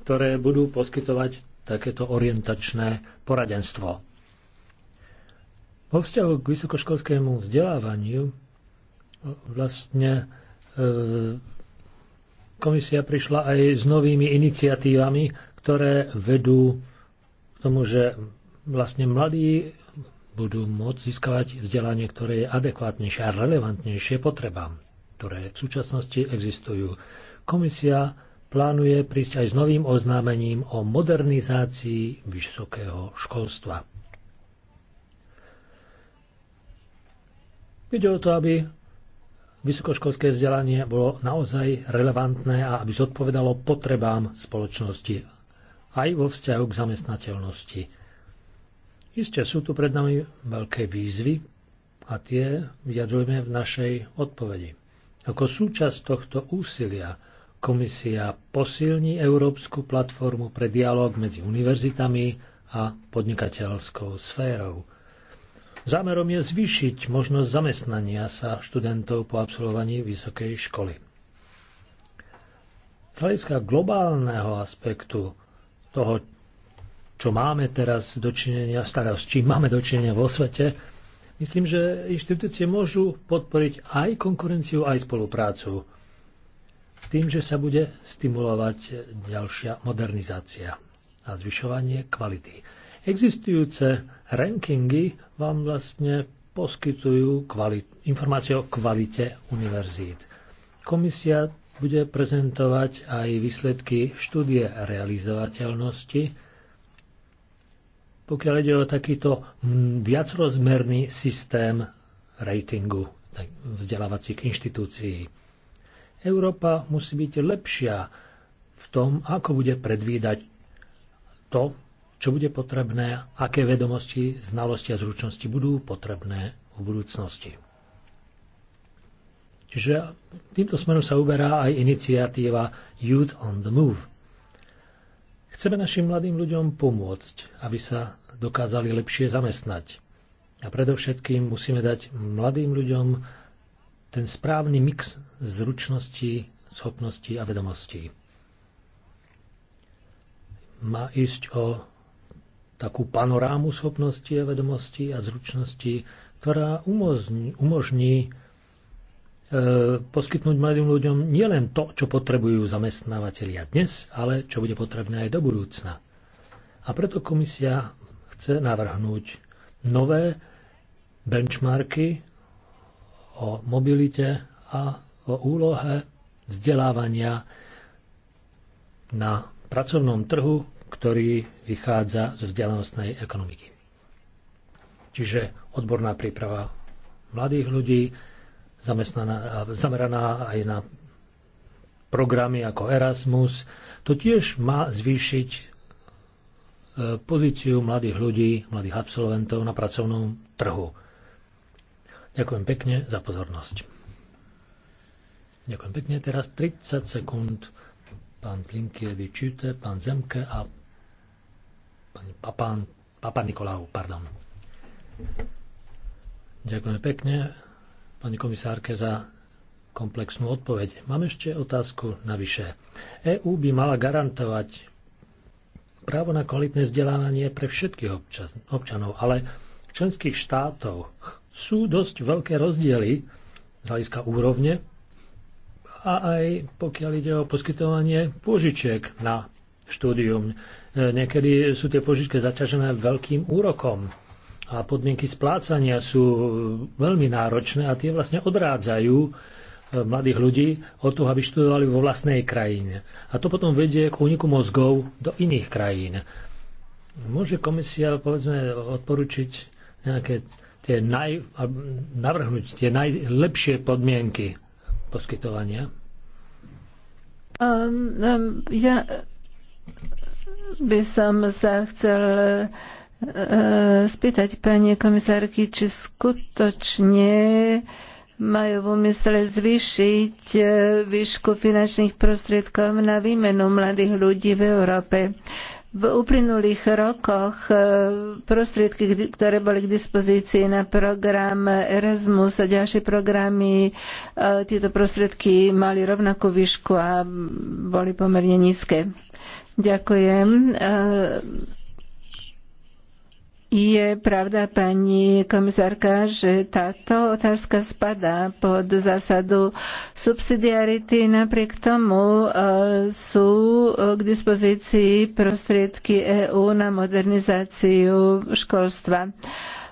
ktoré budú poskytovať takéto orientačné poradenstvo. Vo vzťahu k vysokoškolskému vzdelávaniu e, vlastne e, komisia prišla aj s novými iniciatívami, ktoré vedú tomu, že vlastne mladí budú môcť získavať vzdelanie, ktoré je adekvátnejšie a relevantnejšie potrebám, ktoré v súčasnosti existujú. Komisia plánuje prísť aj s novým oznámením o modernizácii vysokého školstva. Ide o to, aby vysokoškolské vzdelanie bolo naozaj relevantné a aby zodpovedalo potrebám spoločnosti aj vo vzťahu k zamestnateľnosti. Isté sú tu pred nami veľké výzvy a tie vyjadrujeme v našej odpovedi. Ako súčasť tohto úsilia komisia posilní Európsku platformu pre dialog medzi univerzitami a podnikateľskou sférou. Zámerom je zvýšiť možnosť zamestnania sa študentov po absolvovaní vysokej školy. Z hľadiska globálneho aspektu toho, čo máme teraz dočinenia, teda s čím máme dočinenia vo svete, myslím, že inštitúcie môžu podporiť aj konkurenciu, aj spoluprácu s tým, že sa bude stimulovať ďalšia modernizácia a zvyšovanie kvality. Existujúce rankingy vám vlastne poskytujú kvalit- informácie o kvalite univerzít. Komisia bude prezentovať aj výsledky štúdie realizovateľnosti, pokiaľ ide o takýto viacrozmerný systém ratingu vzdelávacích inštitúcií. Európa musí byť lepšia v tom, ako bude predvídať to, čo bude potrebné, aké vedomosti, znalosti a zručnosti budú potrebné v budúcnosti. Čiže týmto smerom sa uberá aj iniciatíva Youth on the Move. Chceme našim mladým ľuďom pomôcť, aby sa dokázali lepšie zamestnať. A predovšetkým musíme dať mladým ľuďom ten správny mix zručností, schopností a vedomostí. Má ísť o takú panorámu schopností a vedomostí a zručností, ktorá umožní, umožní E, poskytnúť mladým ľuďom nielen to, čo potrebujú zamestnávateľia dnes, ale čo bude potrebné aj do budúcna. A preto komisia chce navrhnúť nové benchmarky o mobilite a o úlohe vzdelávania na pracovnom trhu, ktorý vychádza z vzdelanostnej ekonomiky. Čiže odborná príprava mladých ľudí, zameraná aj na programy ako Erasmus. To tiež má zvýšiť e, pozíciu mladých ľudí, mladých absolventov na pracovnom trhu. Ďakujem pekne za pozornosť. Ďakujem pekne. Teraz 30 sekúnd pán Plinkievičite, pán Zemke a pán Papa Nikolau, pardon. Ďakujem pekne pani komisárke za komplexnú odpoveď. Mám ešte otázku navyše. EÚ by mala garantovať právo na kvalitné vzdelávanie pre všetkých občas, občanov, ale v členských štátoch sú dosť veľké rozdiely z hľadiska úrovne a aj pokiaľ ide o poskytovanie pôžičiek na štúdium. E, niekedy sú tie požičky zaťažené veľkým úrokom a podmienky splácania sú veľmi náročné a tie vlastne odrádzajú e, mladých ľudí od toho, aby študovali vo vlastnej krajine. A to potom vedie k úniku mozgov do iných krajín. Môže komisia, povedzme, odporučiť nejaké tie naj, navrhnúť tie najlepšie podmienky poskytovania? Um, um, ja by som sa chcel uh, spýtať pani komisárky, či skutočne majú v úmysle zvýšiť e, výšku finančných prostriedkov na výmenu mladých ľudí v Európe. V uplynulých rokoch e, prostriedky, ktoré boli k dispozícii na program Erasmus a ďalšie programy, e, tieto prostriedky mali rovnakú výšku a boli pomerne nízke. Ďakujem. Je pravda, pani komisárka, že táto otázka spadá pod zásadu subsidiarity. Napriek tomu e, sú k dispozícii prostriedky EÚ na modernizáciu školstva.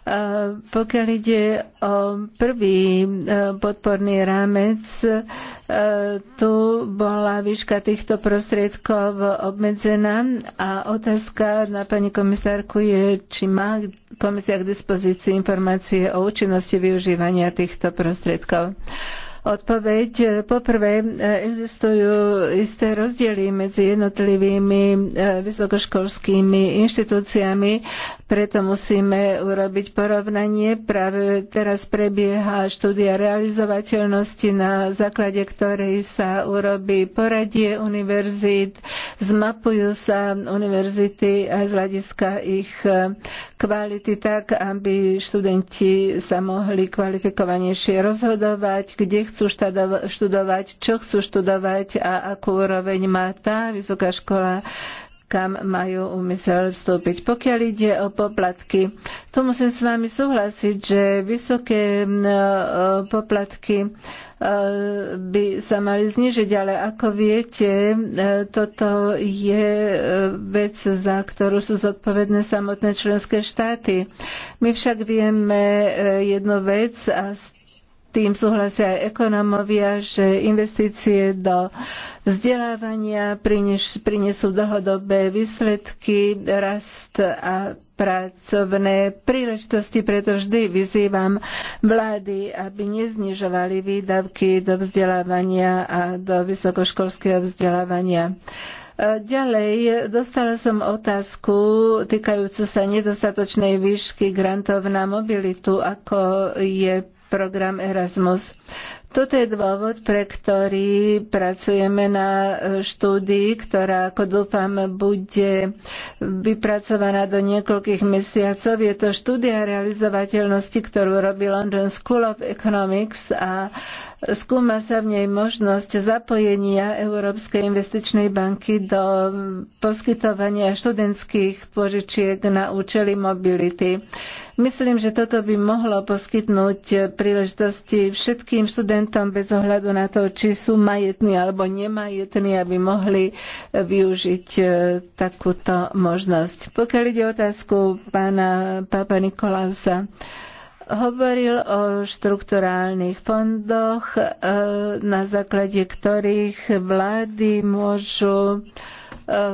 Eh, pokiaľ ide o prvý eh, podporný rámec, eh, tu bola výška týchto prostriedkov obmedzená a otázka na pani komisárku je, či má komisia k dispozícii informácie o účinnosti využívania týchto prostriedkov. Odpoveď. Poprvé, existujú isté rozdiely medzi jednotlivými vysokoškolskými inštitúciami preto musíme urobiť porovnanie. Práve teraz prebieha štúdia realizovateľnosti, na základe ktorej sa urobí poradie univerzít, zmapujú sa univerzity aj z hľadiska ich e, kvality tak, aby študenti sa mohli kvalifikovanejšie rozhodovať, kde chcú študovať, čo chcú študovať a akú úroveň má tá vysoká škola kam majú úmysel vstúpiť. Pokiaľ ide o poplatky, tu musím s vami súhlasiť, že vysoké e, poplatky e, by sa mali znižiť, ale ako viete, e, toto je vec, za ktorú sú zodpovedné samotné členské štáty. My však vieme jednu vec a tým súhlasia aj ekonomovia, že investície do vzdelávania prinesú dlhodobé výsledky, rast a pracovné príležitosti, preto vždy vyzývam vlády, aby neznižovali výdavky do vzdelávania a do vysokoškolského vzdelávania. Ďalej, dostala som otázku týkajúcu sa nedostatočnej výšky grantov na mobilitu, ako je program Erasmus. Toto je dôvod, pre ktorý pracujeme na štúdii, ktorá, ako dúfam, bude vypracovaná do niekoľkých mesiacov. Je to štúdia realizovateľnosti, ktorú robí London School of Economics a Skúma sa v nej možnosť zapojenia Európskej investičnej banky do poskytovania študentských požičiek na účely mobility. Myslím, že toto by mohlo poskytnúť príležitosti všetkým študentom bez ohľadu na to, či sú majetní alebo nemajetní, aby mohli využiť e, takúto možnosť. Pokiaľ ide otázku pána Papa Nikolausa, hovoril o štrukturálnych fondoch, e, na základe ktorých vlády môžu e,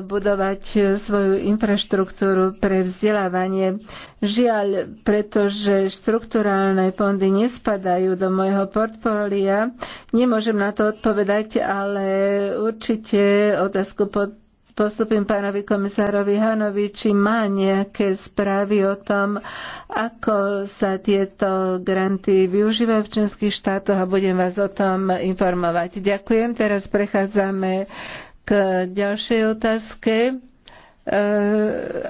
budovať svoju infraštruktúru pre vzdelávanie. Žiaľ, pretože štrukturálne fondy nespadajú do môjho portfólia, nemôžem na to odpovedať, ale určite otázku pod postupím pánovi komisárovi Hanovi, či má nejaké správy o tom, ako sa tieto granty využívajú v členských štátoch a budem vás o tom informovať. Ďakujem. Teraz prechádzame k ďalšej otázke. Eh,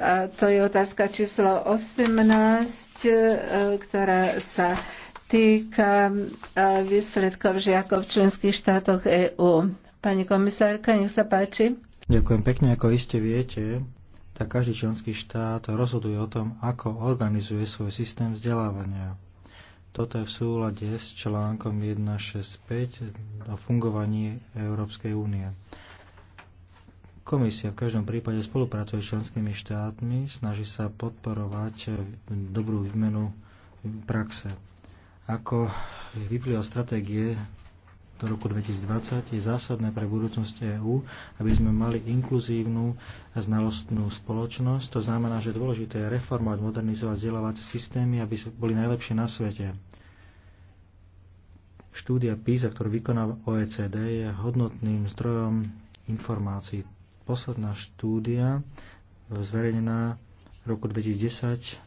a to je otázka číslo 18, eh, ktorá sa týka eh, výsledkov žiakov v členských štátoch EÚ. Pani komisárka, nech sa páči. Ďakujem pekne, ako iste viete, tak každý členský štát rozhoduje o tom, ako organizuje svoj systém vzdelávania. Toto je v súlade s článkom 165 o fungovaní Európskej únie. Komisia v každom prípade spolupracuje s členskými štátmi, snaží sa podporovať dobrú výmenu praxe. Ako vyplýva stratégie do roku 2020 je zásadné pre budúcnosť EÚ, aby sme mali inkluzívnu znalostnú spoločnosť. To znamená, že dôležité je reformovať, modernizovať vzdelávacie systémy, aby boli najlepšie na svete. Štúdia PISA, ktorú vykonáva OECD, je hodnotným zdrojom informácií. Posledná štúdia e, zverejnená v roku 2010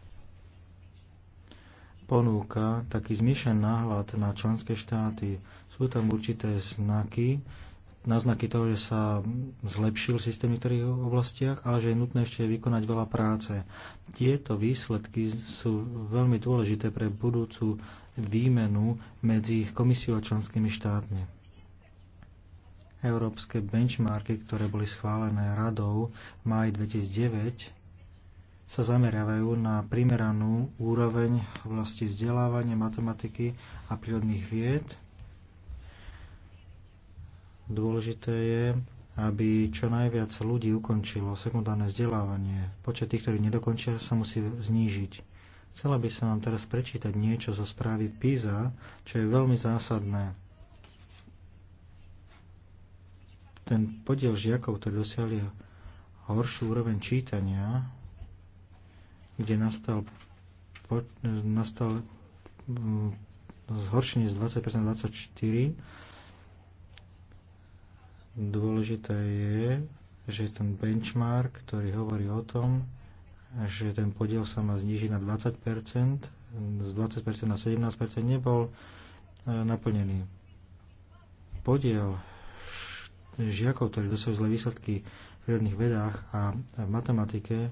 ponúka taký zmiešaný náhľad na členské štáty. Sú tam určité znaky, náznaky toho, že sa zlepšil systém v niektorých oblastiach, ale že je nutné ešte vykonať veľa práce. Tieto výsledky sú veľmi dôležité pre budúcu výmenu medzi komisiou a členskými štátmi. Európske benchmarky, ktoré boli schválené radou v máji 2009, sa zameriavajú na primeranú úroveň vlasti vzdelávania, matematiky a prírodných vied – Dôležité je, aby čo najviac ľudí ukončilo sekundárne vzdelávanie. Počet tých, ktorí nedokončia, sa musí znížiť. Chcela by som vám teraz prečítať niečo zo správy PISA, čo je veľmi zásadné. Ten podiel žiakov, ktorí dosiahli horšiu úroveň čítania, kde nastal, po, nastal mm, zhoršenie z 20% 24, Dôležité je, že ten benchmark, ktorý hovorí o tom, že ten podiel sa má znižiť na 20 z 20 na 17 nebol e, naplnený. Podiel žiakov, ktorí dosahujú zlé výsledky v prírodných vedách a v matematike, e,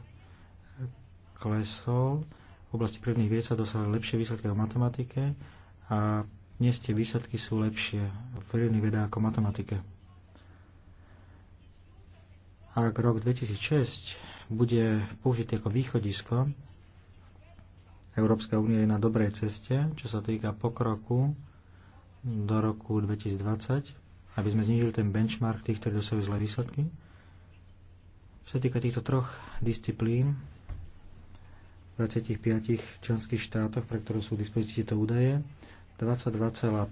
klesol. V oblasti prírodných vied sa dosahujú lepšie výsledky ako v matematike a dnes tie výsledky sú lepšie v prírodných vedách ako v matematike ak rok 2006 bude použitý ako východisko, Európska únia je na dobrej ceste, čo sa týka pokroku do roku 2020, aby sme znížili ten benchmark tých, ktorí dosahujú zlé výsledky. Čo sa týka týchto troch disciplín, 25 členských štátoch, pre ktorú sú v dispozícii tieto údaje, 22,5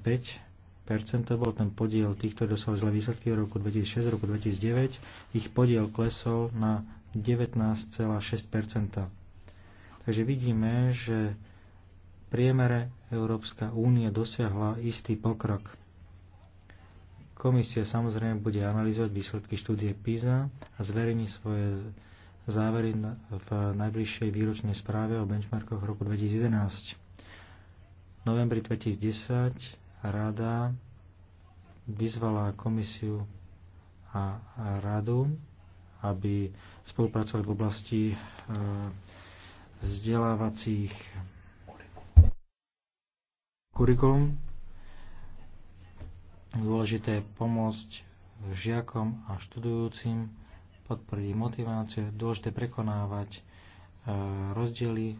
percento bol ten podiel tých, ktorí dosali zlé výsledky v roku 2006, roku 2009, ich podiel klesol na 19,6 Takže vidíme, že v priemere Európska únia dosiahla istý pokrok. Komisia samozrejme bude analyzovať výsledky štúdie PISA a zverejní svoje závery v najbližšej výročnej správe o benchmarkoch roku 2011. V novembri 2010 Rada vyzvala komisiu a radu, aby spolupracovali v oblasti e, vzdelávacích kurikulum. Dôležité je pomôcť žiakom a študujúcim, podporiť motiváciu, dôležité prekonávať e, rozdiely e,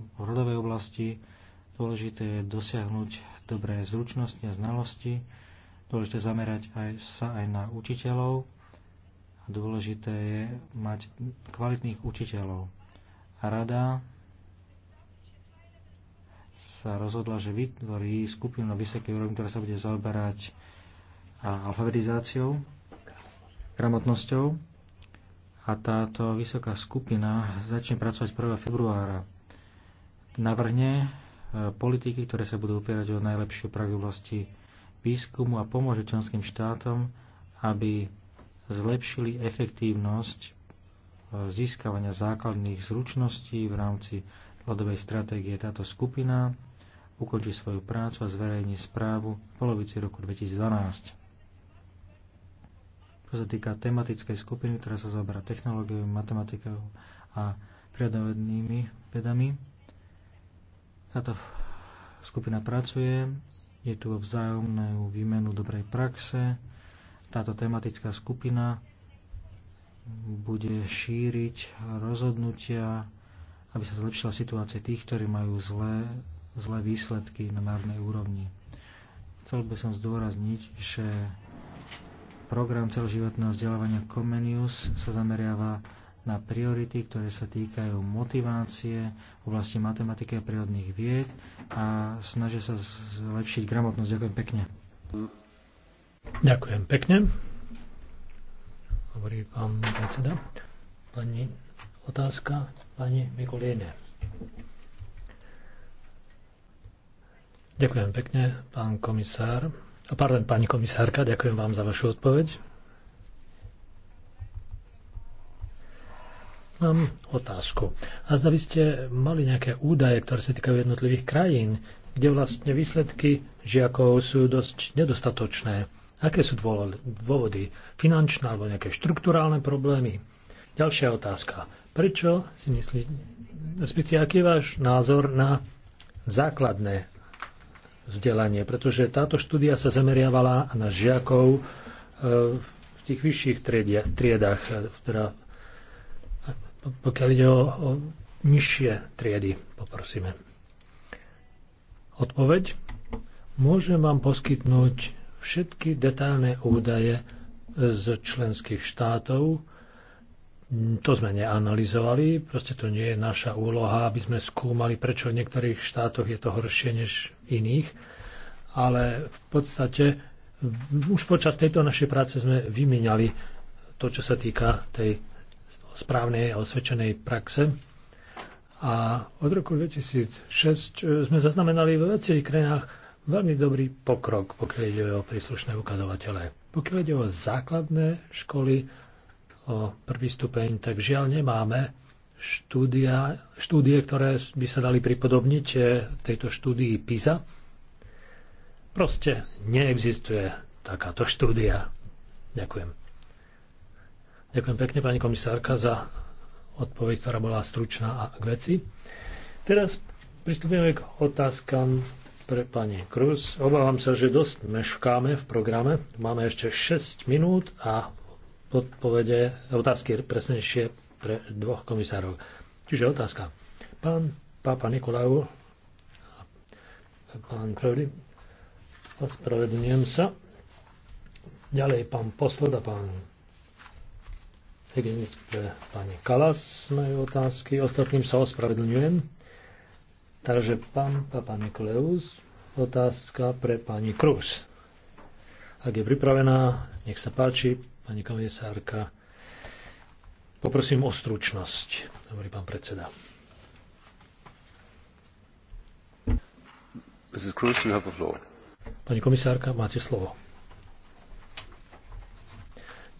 v rodovej oblasti, Dôležité je dosiahnuť dobré zručnosti a znalosti, dôležité zamerať aj sa aj na učiteľov a dôležité je mať kvalitných učiteľov. A rada sa rozhodla, že vytvorí skupinu na vysokej úrovni, ktorá sa bude zaoberať alfabetizáciou, gramotnosťou a táto vysoká skupina začne pracovať 1. februára. Navrhne politiky, ktoré sa budú upierať o najlepšiu prax výskumu a pomôže členským štátom, aby zlepšili efektívnosť e, získavania základných zručností v rámci hľadovej stratégie. Táto skupina ukončí svoju prácu a zverejní správu v polovici roku 2012. Čo sa týka tematickej skupiny, ktorá sa zaoberá technológiou, matematikou a prírodovednými vedami, táto skupina pracuje, je tu o vzájomnú výmenu dobrej praxe. Táto tematická skupina bude šíriť rozhodnutia, aby sa zlepšila situácia tých, ktorí majú zlé, zlé výsledky na národnej úrovni. Chcel by som zdôrazniť, že program celoživotného vzdelávania Comenius sa zameriava na priority, ktoré sa týkajú motivácie v oblasti matematiky a prírodných vied a snažia sa zlepšiť gramotnosť. Ďakujem pekne. Ďakujem pekne. Hovorí pán predseda. Pani otázka, pani Mikulíne. Ďakujem pekne, pán komisár. Pardon, pani komisárka, ďakujem vám za vašu odpoveď. Mám otázku. A zda by ste mali nejaké údaje, ktoré sa týkajú jednotlivých krajín, kde vlastne výsledky žiakov sú dosť nedostatočné. Aké sú dôvody? Finančné alebo nejaké štruktúrálne problémy? Ďalšia otázka. Prečo si myslíte, respektíve aký je váš názor na základné vzdelanie? Pretože táto štúdia sa zameriavala na žiakov eh, v tých vyšších triedach, eh, teda pokiaľ ide o, o nižšie triedy, poprosíme. Odpoveď? Môžem vám poskytnúť všetky detailné údaje z členských štátov. To sme neanalizovali, proste to nie je naša úloha, aby sme skúmali, prečo v niektorých štátoch je to horšie než v iných. Ale v podstate už počas tejto našej práce sme vymieniali to, čo sa týka tej správnej a osvedčenej praxe. A od roku 2006 eh, sme zaznamenali v viacerých krajinách veľmi dobrý pokrok, pokiaľ ide o príslušné ukazovatele. Pokiaľ ide o základné školy, o prvý stupeň, tak žiaľ nemáme štúdia, štúdie, ktoré by sa dali pripodobniť eh, tejto štúdii PISA. Proste neexistuje takáto štúdia. Ďakujem. Ďakujem pekne, pani komisárka, za odpoveď, ktorá bola stručná a k veci. Teraz pristupujeme k otázkam pre pani Kruz. Obávam sa, že dosť meškáme v programe. Máme ešte 6 minút a odpovede, otázky presnejšie pre dvoch komisárov. Čiže otázka. Pán Pápa Nikolaju a pán Krödy, ospravedlňujem sa. Ďalej pán Posled a pán pre pani Kalas majú otázky. Ostatným sa ospravedlňujem. Takže pán Papa Nikoleus, otázka pre pani Krus. Ak je pripravená, nech sa páči, pani komisárka. Poprosím o stručnosť, hovorí pán predseda. Mrs. Cruz, you have the floor. Pani komisárka, máte slovo.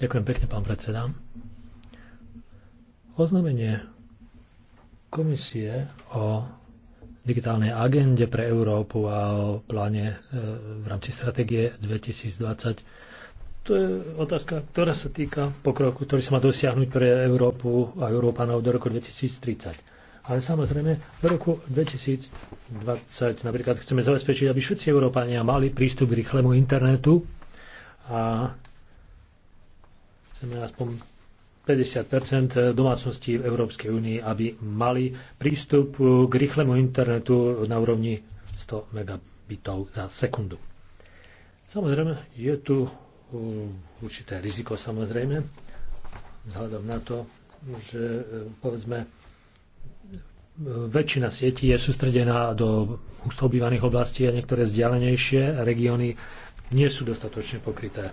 Ďakujem pekne, pán predseda. Oznámenie komisie o digitálnej agende pre Európu a o pláne e, v rámci stratégie 2020. To je otázka, ktorá sa týka pokroku, ktorý sa má dosiahnuť pre Európu a Európanov do roku 2030. Ale samozrejme, v roku 2020 napríklad chceme zabezpečiť, aby všetci Európania mali prístup k rýchlemu internetu a chceme aspoň 50 domácností v Európskej únii, aby mali prístup k rýchlemu internetu na úrovni 100 megabitov za sekundu. Samozrejme, je tu uh, určité riziko, samozrejme, vzhľadom na to, že uh, povedzme väčšina sietí je sústredená do ústobývaných obývaných oblastí a niektoré vzdialenejšie regióny nie sú dostatočne pokryté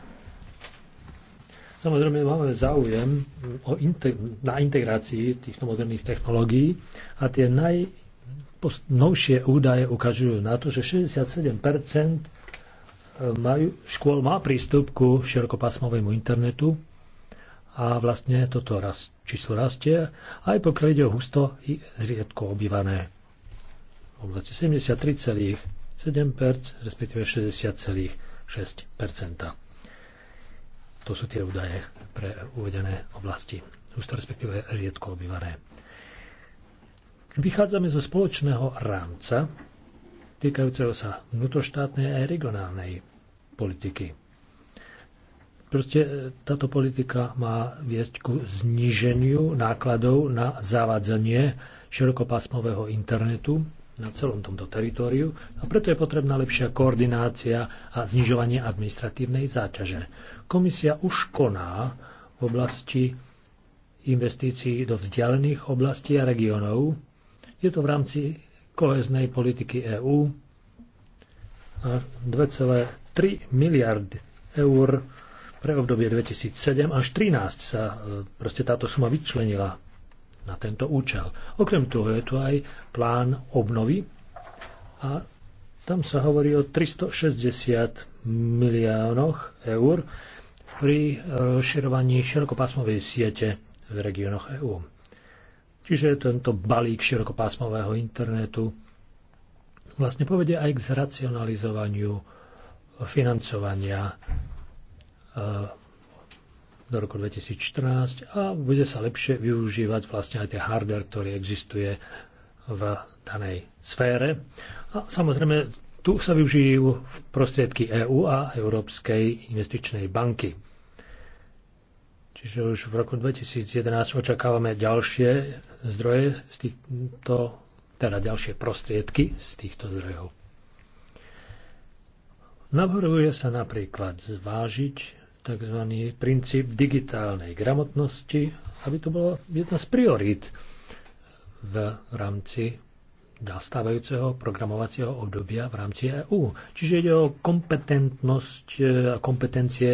Samozrejme, máme záujem o integ- na integrácii týchto moderných technológií a tie najnovšie údaje ukazujú na to, že 67 e, majú, škôl má prístup ku širokopásmovému internetu a vlastne toto raz, číslo rastie, aj pokiaľ ide o husto i zriedko obývané v oblasti 73,7%, respektíve 60,6%. To sú tie údaje pre uvedené oblasti. Sú to respektíve riedko obývané. Vychádzame zo spoločného rámca týkajúceho sa vnútroštátnej a regionálnej politiky. Proste e, táto politika má viesť ku zníženiu nákladov na zavádzanie širokopásmového internetu na celom tomto teritóriu a preto je potrebná lepšia koordinácia a znižovanie administratívnej záťaže. Komisia už koná v oblasti investícií do vzdialených oblastí a regiónov. Je to v rámci koheznej politiky EÚ 2,3 miliard eur pre obdobie 2007 až 2013 sa e, proste táto suma vyčlenila na tento účel. Okrem toho je tu aj plán obnovy a tam sa hovorí o 360 miliónoch eur pri rozširovaní širokopásmovej siete v regiónoch EÚ. Čiže tento balík širokopásmového internetu vlastne povedie aj k zracionalizovaniu financovania e, do roku 2014 a bude sa lepšie využívať vlastne aj ten hardware, ktorý existuje v danej sfére. A samozrejme, tu sa využijú prostriedky EÚ EU a Európskej investičnej banky. Čiže už v roku 2011 očakávame ďalšie zdroje z týchto, teda ďalšie prostriedky z týchto zdrojov. Navrhuje sa napríklad zvážiť tzv. princíp digitálnej gramotnosti, aby to bola jedna z priorít v rámci nastávajúceho programovacieho obdobia v rámci EÚ. Čiže ide o kompetentnosť e, a kompetencie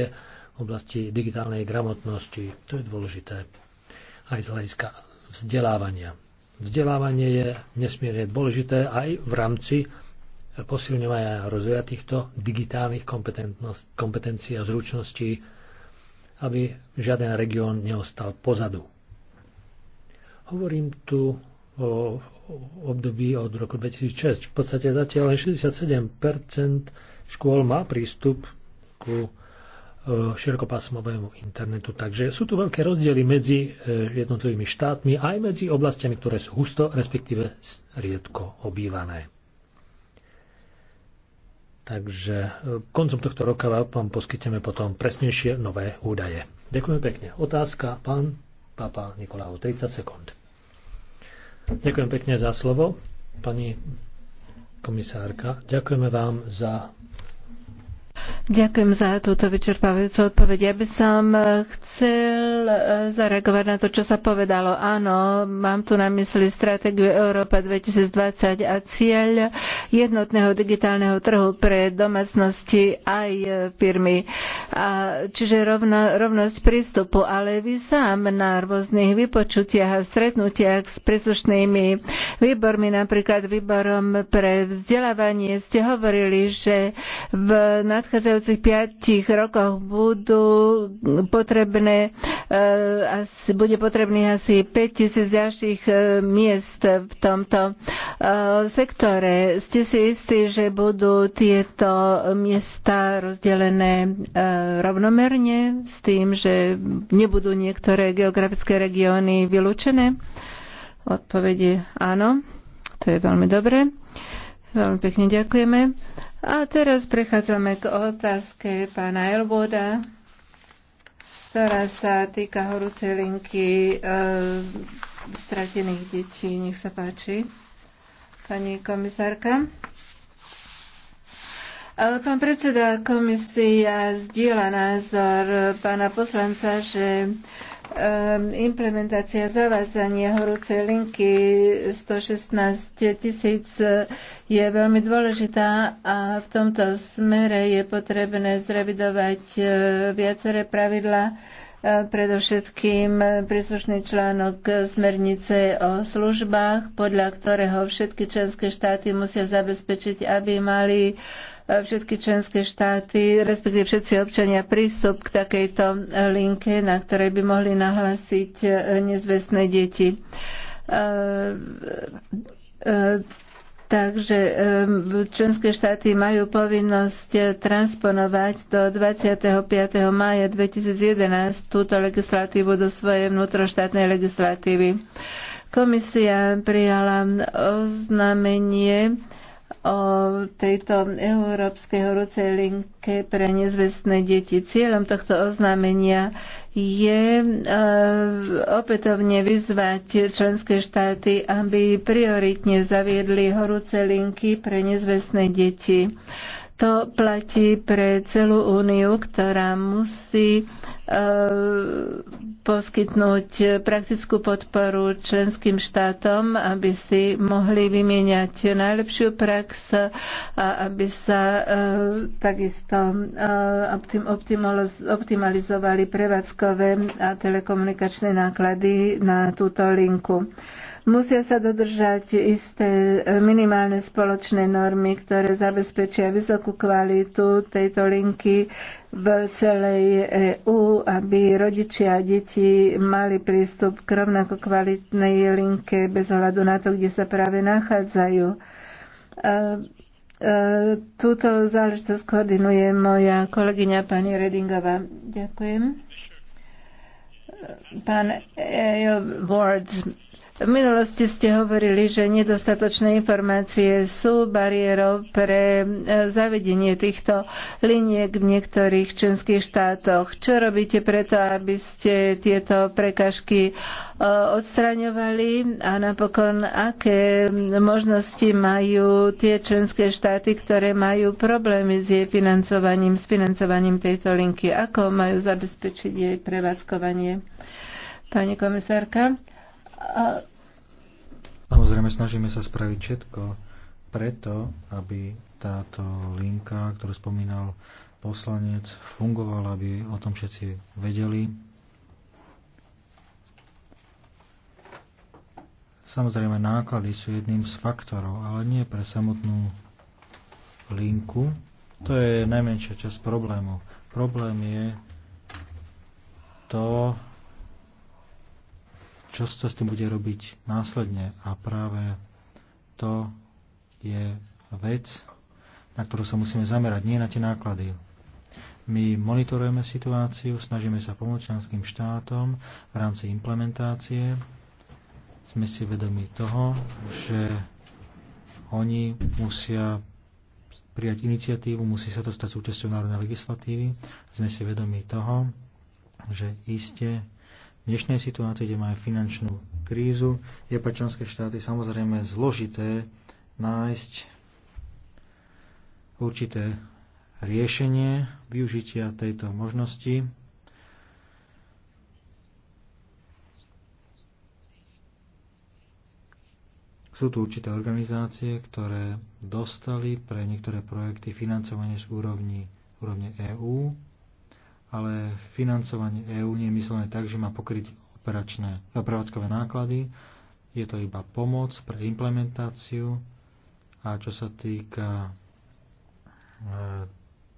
v oblasti digitálnej gramotnosti. To je dôležité aj z hľadiska vzdelávania. Vzdelávanie je nesmierne dôležité aj v rámci posilňovania a rozvoja týchto digitálnych kompetencií a zručností, aby žiaden región neostal pozadu. Hovorím tu o období od roku 2006. V podstate zatiaľ len 67 škôl má prístup ku e, širokopásmovému internetu. Takže sú tu veľké rozdiely medzi e, jednotlivými štátmi aj medzi oblastiami, ktoré sú husto, respektíve riedko obývané. Takže e, koncom tohto roka vám poskytneme potom presnejšie nové údaje. Ďakujem pekne. Otázka, pán Papa Nikolau, 30 sekúnd. Ďakujem pekne za slovo, pani komisárka. Ďakujeme vám za Ďakujem za túto vyčerpávajúcu odpoveď. Ja by som e, chcel e, zareagovať na to, čo sa povedalo. Áno, mám tu na mysli stratégiu Európa 2020 a cieľ jednotného digitálneho trhu pre domácnosti aj e, firmy. A, čiže rovno, rovnosť prístupu, ale vy sám na rôznych vypočutiach a stretnutiach s príslušnými výbormi, napríklad výborom pre vzdelávanie, ste hovorili, že v nadchádzajúcich nadchádzajúcich piatich rokoch budú potrebné, eh, asi, bude potrebných asi 5000 ďalších eh, miest v tomto eh, sektore. Ste si istí, že budú tieto miesta rozdelené rovnomerne s tým, že nebudú niektoré geografické regióny vylúčené? Odpovedie áno. To je veľmi dobré. Veľmi pekne ďakujeme. A teraz prechádzame k otázke pána Elboda, ktorá sa týka horúcej linky e, stratených detí. Nech sa páči, pani komisárka. Pán predseda komisia zdieľa názor pána poslanca, že Ehm, implementácia zavádzania horúcej linky 116 tisíc eh, je veľmi dôležitá a v tomto smere je potrebné zrevidovať eh, viaceré pravidla, eh, predovšetkým príslušný článok smernice o službách, podľa ktorého všetky členské štáty musia zabezpečiť, aby mali všetky členské štáty, respektíve všetci občania prístup k takejto linke, na ktorej by mohli nahlásiť e, nezvestné deti. E, e, takže členské štáty majú povinnosť transponovať do 25. maja 2011 túto legislatívu do svojej vnútroštátnej legislatívy. Komisia prijala oznámenie o tejto európskej horúcej linke pre nezvestné deti. Cieľom tohto oznámenia je e, opätovne vyzvať členské štáty, aby prioritne zaviedli horúce linky pre nezvestné deti. To platí pre celú úniu, ktorá musí Eh, poskytnúť praktickú podporu členským štátom, aby si mohli vymieňať najlepšiu prax a aby sa eh, takisto eh, optimalizovali prevádzkové a telekomunikačné náklady na túto linku. Musia sa dodržať isté e, minimálne spoločné normy, ktoré zabezpečia vysokú kvalitu tejto linky v celej EÚ, aby rodičia a deti mali prístup k rovnako kvalitnej linke bez ohľadu na to, kde sa práve nachádzajú. E, e, túto záležitosť koordinuje moja kolegyňa pani Redingová. Ďakujem. Pán Ward, v minulosti ste hovorili, že nedostatočné informácie sú bariérou pre e, zavedenie týchto liniek v niektorých členských štátoch. Čo robíte preto, aby ste tieto prekažky e, odstraňovali a napokon aké možnosti majú tie členské štáty, ktoré majú problémy s jej financovaním, s financovaním tejto linky? Ako majú zabezpečiť jej prevádzkovanie? Pani komisárka. Samozrejme, snažíme sa spraviť všetko preto, aby táto linka, ktorú spomínal poslanec, fungovala, aby o tom všetci vedeli. Samozrejme, náklady sú jedným z faktorov, ale nie pre samotnú linku. To je najmenšia časť problému. Problém je to, čo sa s tým bude robiť následne. A práve to je vec, na ktorú sa musíme zamerať, nie na tie náklady. My monitorujeme situáciu, snažíme sa pomôcť členským štátom v rámci implementácie. Sme si vedomi toho, že oni musia prijať iniciatívu, musí sa to stať súčasťou národnej legislatívy. Sme si vedomi toho, že iste v dnešnej situácii, kde máme finančnú krízu, je pre členské štáty samozrejme zložité nájsť určité riešenie využitia tejto možnosti. Sú tu určité organizácie, ktoré dostali pre niektoré projekty financovanie z úrovni, úrovne EÚ, ale financovanie EÚ nie je myslené tak, že má pokryť operačné prevádzkové náklady. Je to iba pomoc pre implementáciu a čo sa týka e,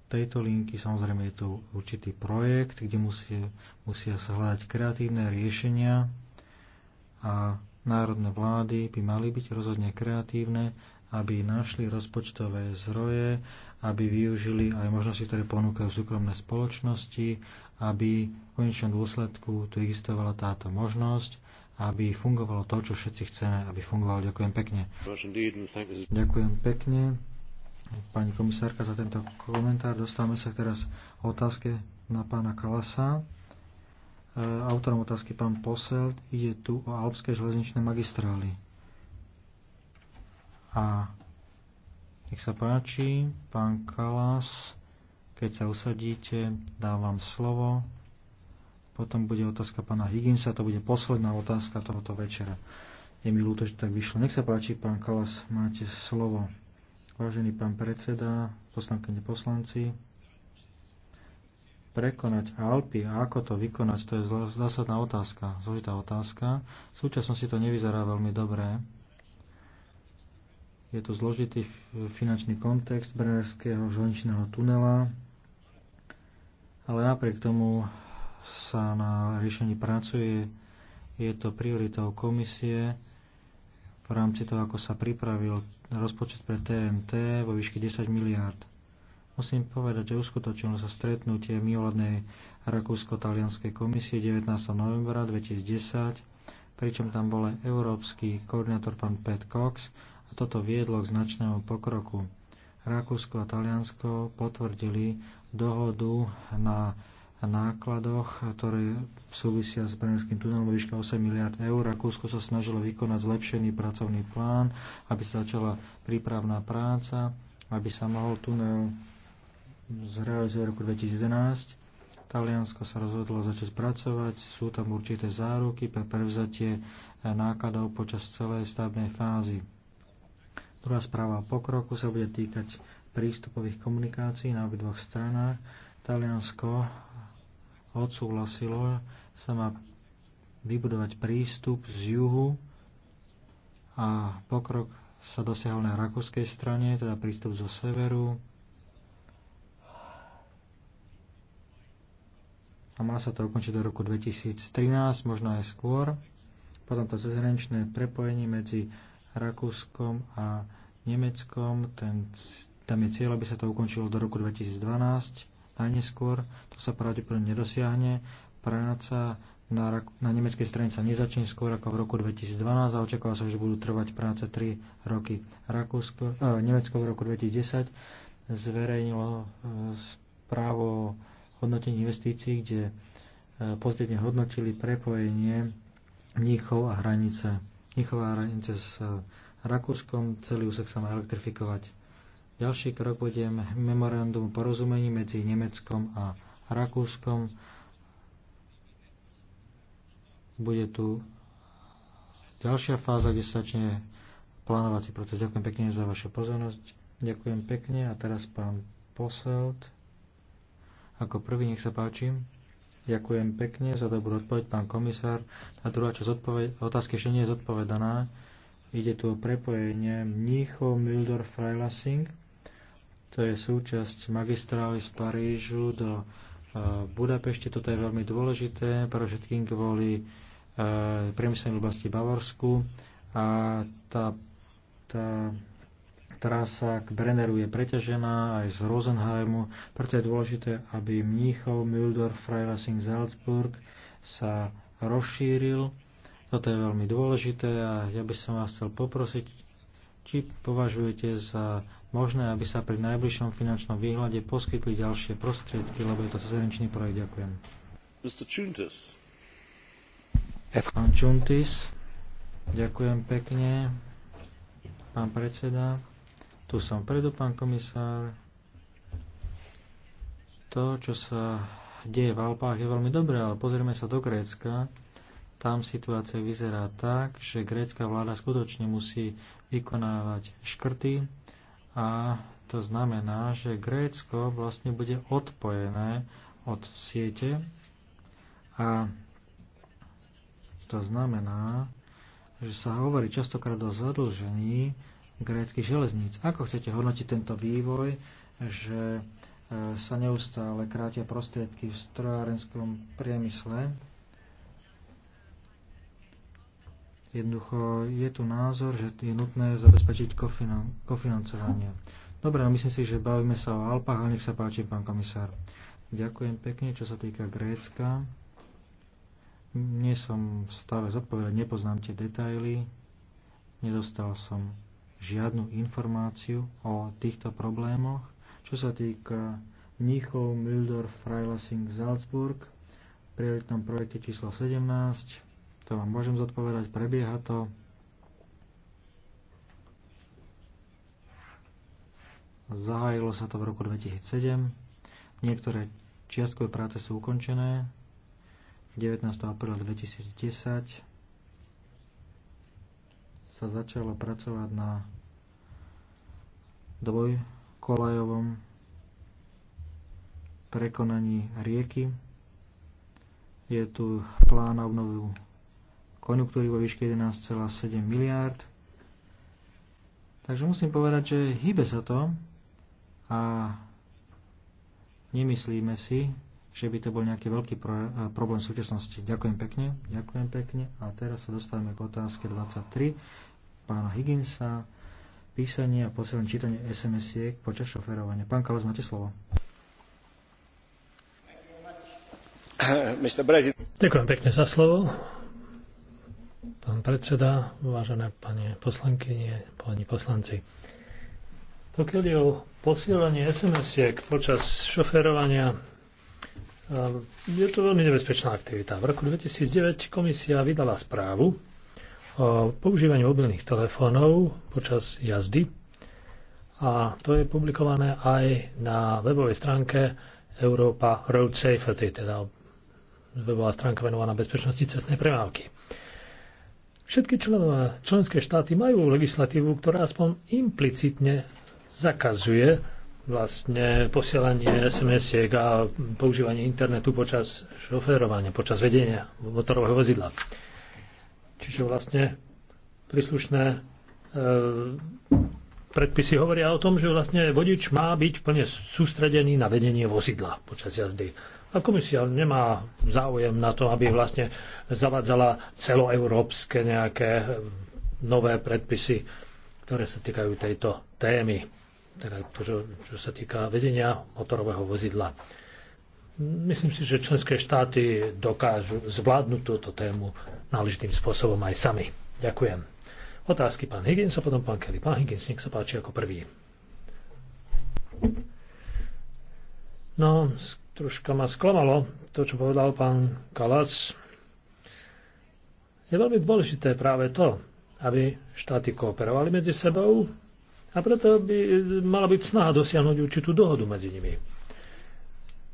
tejto linky, samozrejme je to určitý projekt, kde musí, musia sa hľadať kreatívne riešenia a národné vlády by mali byť rozhodne kreatívne aby našli rozpočtové zdroje, aby využili aj možnosti, ktoré ponúkajú súkromné spoločnosti, aby v konečnom dôsledku tu existovala táto možnosť, aby fungovalo to, čo všetci chceme, aby fungovalo. Ďakujem pekne. Ďakujem pekne. Pani komisárka, za tento komentár. Dostávame sa teraz otázke na pána Kalasa. E, autorom otázky pán Posel. Ide tu o alpské železničné magistrály. A nech sa páči, pán Kalas, keď sa usadíte, dávam slovo. Potom bude otázka pána Higginsa, to bude posledná otázka tohoto večera. Je mi ľúto, že tak vyšlo. Nech sa páči, pán Kalas, máte slovo. Vážený pán predseda, poslankyne poslanci, prekonať Alpy a ako to vykonať, to je zásadná otázka, zložitá otázka. V súčasnosti to nevyzerá veľmi dobré. Je to zložitý finančný kontext Brnerského železničného tunela, ale napriek tomu sa na riešení pracuje. Je to prioritou komisie v rámci toho, ako sa pripravil rozpočet pre TNT vo výške 10 miliárd. Musím povedať, že uskutočnilo sa stretnutie mimoladnej Rakúsko-Talianskej komisie 19. novembra 2010, pričom tam bol aj európsky koordinátor pán Pat Cox toto viedlo k značnému pokroku. Rakúsko a Taliansko potvrdili dohodu na nákladoch, ktoré súvisia s Brenským tunelom výška 8 miliard eur. Rakúsko sa snažilo vykonať zlepšený pracovný plán, aby sa začala prípravná práca, aby sa mohol tunel zrealizovať v roku 2011. Taliansko sa rozhodlo začať pracovať, sú tam určité záruky pre prevzatie nákladov počas celej stavebnej fázy. Druhá správa o pokroku sa bude týkať prístupových komunikácií na obidvoch stranách. Taliansko odsúhlasilo, sa má vybudovať prístup z juhu a pokrok sa dosiahol na rakúskej strane, teda prístup zo severu. A má sa to ukončiť do roku 2013, možno aj skôr. Potom to cezhraničné prepojenie medzi Rakúskom a Nemeckom. Ten, tam je cieľ, aby sa to ukončilo do roku 2012, najneskôr. To sa pravdepodobne nedosiahne. Práca na, na nemeckej strane sa nezačne skôr ako v roku 2012 a očakáva sa, že budú trvať práce 3 roky. Rakúsko, eh, Nemecko v roku 2010 zverejnilo e, správo o hodnotení investícií, kde e, pozitívne hodnotili prepojenie Mníchov a hranice. Mnichová hranice s eh, Rakúskom, celý úsek sa má elektrifikovať. Ďalší krok bude memorandum porozumení medzi Nemeckom a Rakúskom. Bude tu ďalšia fáza, kde sa začne plánovací proces. Ďakujem pekne za vašu pozornosť. Ďakujem pekne a teraz pán Poselt. Ako prvý, nech sa páči. Ďakujem pekne za dobrú odpoveď, pán komisár. Tá druhá časť odpoved- otázky ešte nie je zodpovedaná. Ide tu o prepojenie Mníchov, Mildor, Freilassing. To je súčasť magistrály z Parížu do e, Budapešti. Toto je veľmi dôležité, pre všetkým kvôli e, priemyselnej oblasti Bavorsku. A tá, tá trasa k Brenneru je preťažená aj z Rosenheimu, preto je dôležité, aby Mníchov, Müldor, Freilassing, Salzburg sa rozšíril. Toto je veľmi dôležité a ja by som vás chcel poprosiť, či považujete za možné, aby sa pri najbližšom finančnom výhľade poskytli ďalšie prostriedky, lebo je to zahraničný projekt. Ďakujem. Mr. Chuntis. Pán Čuntis, ďakujem pekne. Pán predseda. Tu som predu, pán komisár. To, čo sa deje v Alpách, je veľmi dobré, ale pozrieme sa do Grécka. Tam situácia vyzerá tak, že grécka vláda skutočne musí vykonávať škrty a to znamená, že Grécko vlastne bude odpojené od siete a to znamená, že sa hovorí častokrát o zadlžení, gréckych železníc. Ako chcete hodnotiť tento vývoj, že e, sa neustále krátia prostriedky v strojárenskom priemysle? Jednoducho je tu názor, že je nutné zabezpečiť kofinancovanie. Dobre, no myslím si, že bavíme sa o Alpách, ale nech sa páči, pán komisár. Ďakujem pekne, čo sa týka Grécka. Nie som v stave zodpovedať, nepoznám tie detaily, nedostal som žiadnu informáciu o týchto problémoch, čo sa týka Mnichov, Müldorf, Freilassing, Salzburg, prioritnom projekte číslo 17, to vám môžem zodpovedať, prebieha to. Zahájilo sa to v roku 2007. Niektoré čiastkové práce sú ukončené. 19. apríla 2010 sa začalo pracovať na dvojkolajovom prekonaní rieky. Je tu plán na obnovu konjunktúry vo výške 11,7 miliárd. Takže musím povedať, že hýbe sa to a nemyslíme si, že by to bol nejaký veľký pro, eh, problém v súčasnosti. Ďakujem pekne, ďakujem pekne. A teraz sa dostávame k otázke 23 pána Higginsa, písanie a posielanie čítanie SMS-iek počas šoferovania. Pán Kalas, máte slovo. Ďakujem pekne za slovo. Pán predseda, vážené pani poslankyne, pani poslanci. Pokiaľ je o posielanie SMS-iek počas šoferovania, je to veľmi nebezpečná aktivita. V roku 2009 komisia vydala správu o používaní mobilných telefónov počas jazdy a to je publikované aj na webovej stránke Europa Road Safety, teda webová stránka venovaná bezpečnosti cestnej premávky. Všetky členové, členské štáty majú legislatívu, ktorá aspoň implicitne zakazuje vlastne posielanie SMS-iek a používanie internetu počas šoférovania, počas vedenia motorového vozidla. Čiže vlastne príslušné e, predpisy hovoria o tom, že vlastne vodič má byť plne sústredený na vedenie vozidla počas jazdy. A komisia nemá záujem na to, aby vlastne zavadzala celoeurópske nejaké nové predpisy, ktoré sa týkajú tejto témy teda to, čo, čo sa týka vedenia motorového vozidla. Myslím si, že členské štáty dokážu zvládnuť túto tému náležitým spôsobom aj sami. Ďakujem. Otázky pán Higgins a potom pán Kelly. Pán Higgins, nech sa páči ako prvý. No, troška ma sklamalo to, čo povedal pán Kalac. Je veľmi dôležité práve to, aby štáty kooperovali medzi sebou a preto by e, mala byť snaha dosiahnuť určitú dohodu medzi nimi.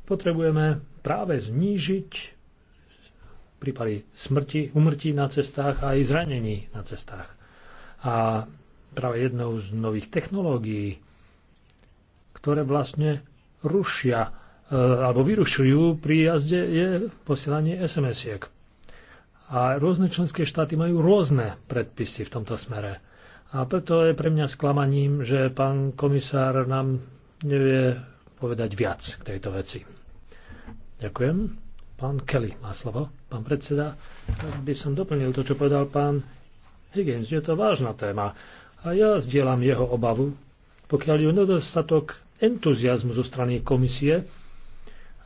Potrebujeme práve znížiť prípady smrti, umrtí na cestách a aj zranení na cestách. A práve jednou z nových technológií, ktoré vlastne rušia e, alebo vyrušujú pri jazde, je posielanie SMS-iek. A rôzne členské štáty majú rôzne predpisy v tomto smere. A preto je pre mňa sklamaním, že pán komisár nám nevie povedať viac k tejto veci. Ďakujem. Pán Kelly má slovo. Pán predseda, by som doplnil to, čo povedal pán Higgins. Je to vážna téma a ja zdieľam jeho obavu, pokiaľ je nedostatok entuziasmu zo strany komisie,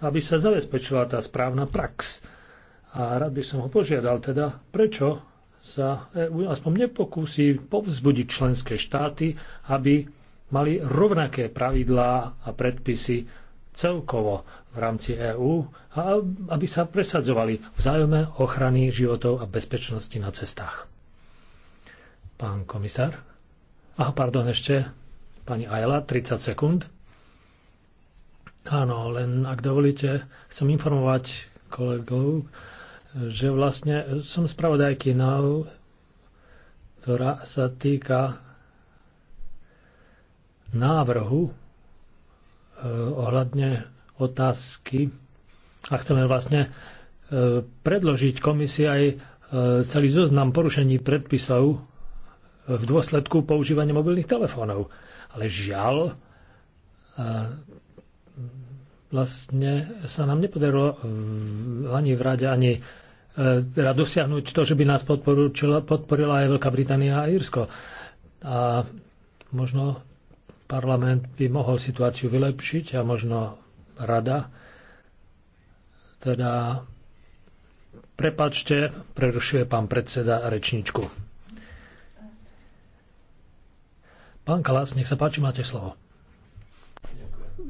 aby sa zabezpečila tá správna prax. A rád by som ho požiadal teda, prečo sa EU aspoň nepokúsi povzbudiť členské štáty, aby mali rovnaké pravidlá a predpisy celkovo v rámci EÚ a aby sa presadzovali v zájome ochrany životov a bezpečnosti na cestách. Pán komisár? Aha, pardon, ešte pani Ajla, 30 sekúnd. Áno, len ak dovolíte, chcem informovať kolegov, že vlastne som spravodajkynou, ktorá sa týka návrhu e, ohľadne otázky a chceme vlastne e, predložiť komisii aj e, celý zoznam porušení predpisov v dôsledku používania mobilných telefónov. Ale žiaľ, vlastne sa nám nepodarilo ani v rade, ani E, teda dosiahnuť to, že by nás podporila aj Veľká Británia a Írsko. A možno parlament by mohol situáciu vylepšiť a možno rada. Teda prepačte, prerušuje pán predseda rečničku. Pán Kalas, nech sa páči, máte slovo.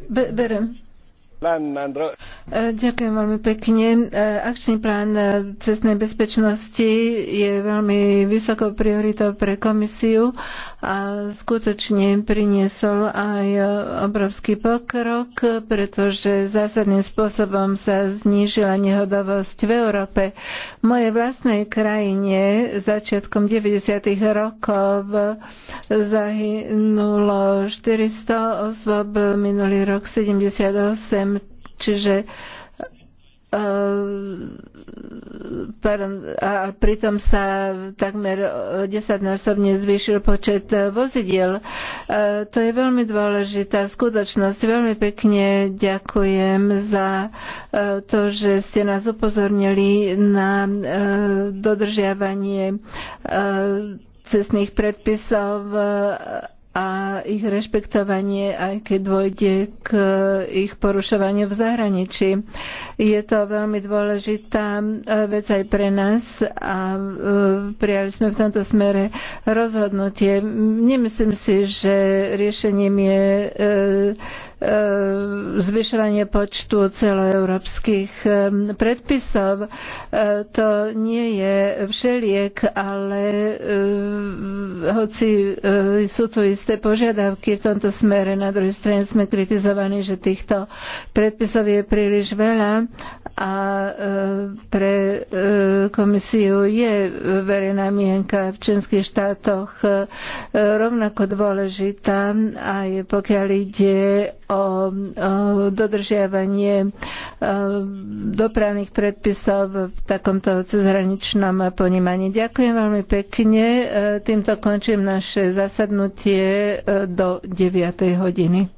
Be- berem. Ďakujem veľmi pekne. Akčný plán cestnej bezpečnosti je veľmi vysokou prioritou pre komisiu a skutočne priniesol aj obrovský pokrok, pretože zásadným spôsobom sa znížila nehodovosť v Európe. V mojej vlastnej krajine začiatkom 90. rokov zahynulo 400 osôb, minulý rok 78 Čiže e, a pritom sa takmer desaťnásobne zvýšil počet vozidiel. E, to je veľmi dôležitá skutočnosť. Veľmi pekne ďakujem za e, to, že ste nás upozornili na dodržiavanie cestných predpisov a ich rešpektovanie, aj keď dôjde k ich porušovaniu v zahraničí. Je to veľmi dôležitá e, vec aj pre nás a e, prijali sme v tomto smere rozhodnutie. Nemyslím si, že riešením je e, zvyšovanie počtu celoeurópskych predpisov. To nie je všeliek, ale hoci sú tu isté požiadavky v tomto smere, na druhej strane sme kritizovaní, že týchto predpisov je príliš veľa a e, pre e, komisiu je verejná mienka v členských štátoch e, rovnako dôležitá aj pokiaľ ide o dodržiavanie dopravných predpisov v takomto cezhraničnom ponímaní. Ďakujem veľmi pekne. Týmto končím naše zasadnutie do 9. hodiny.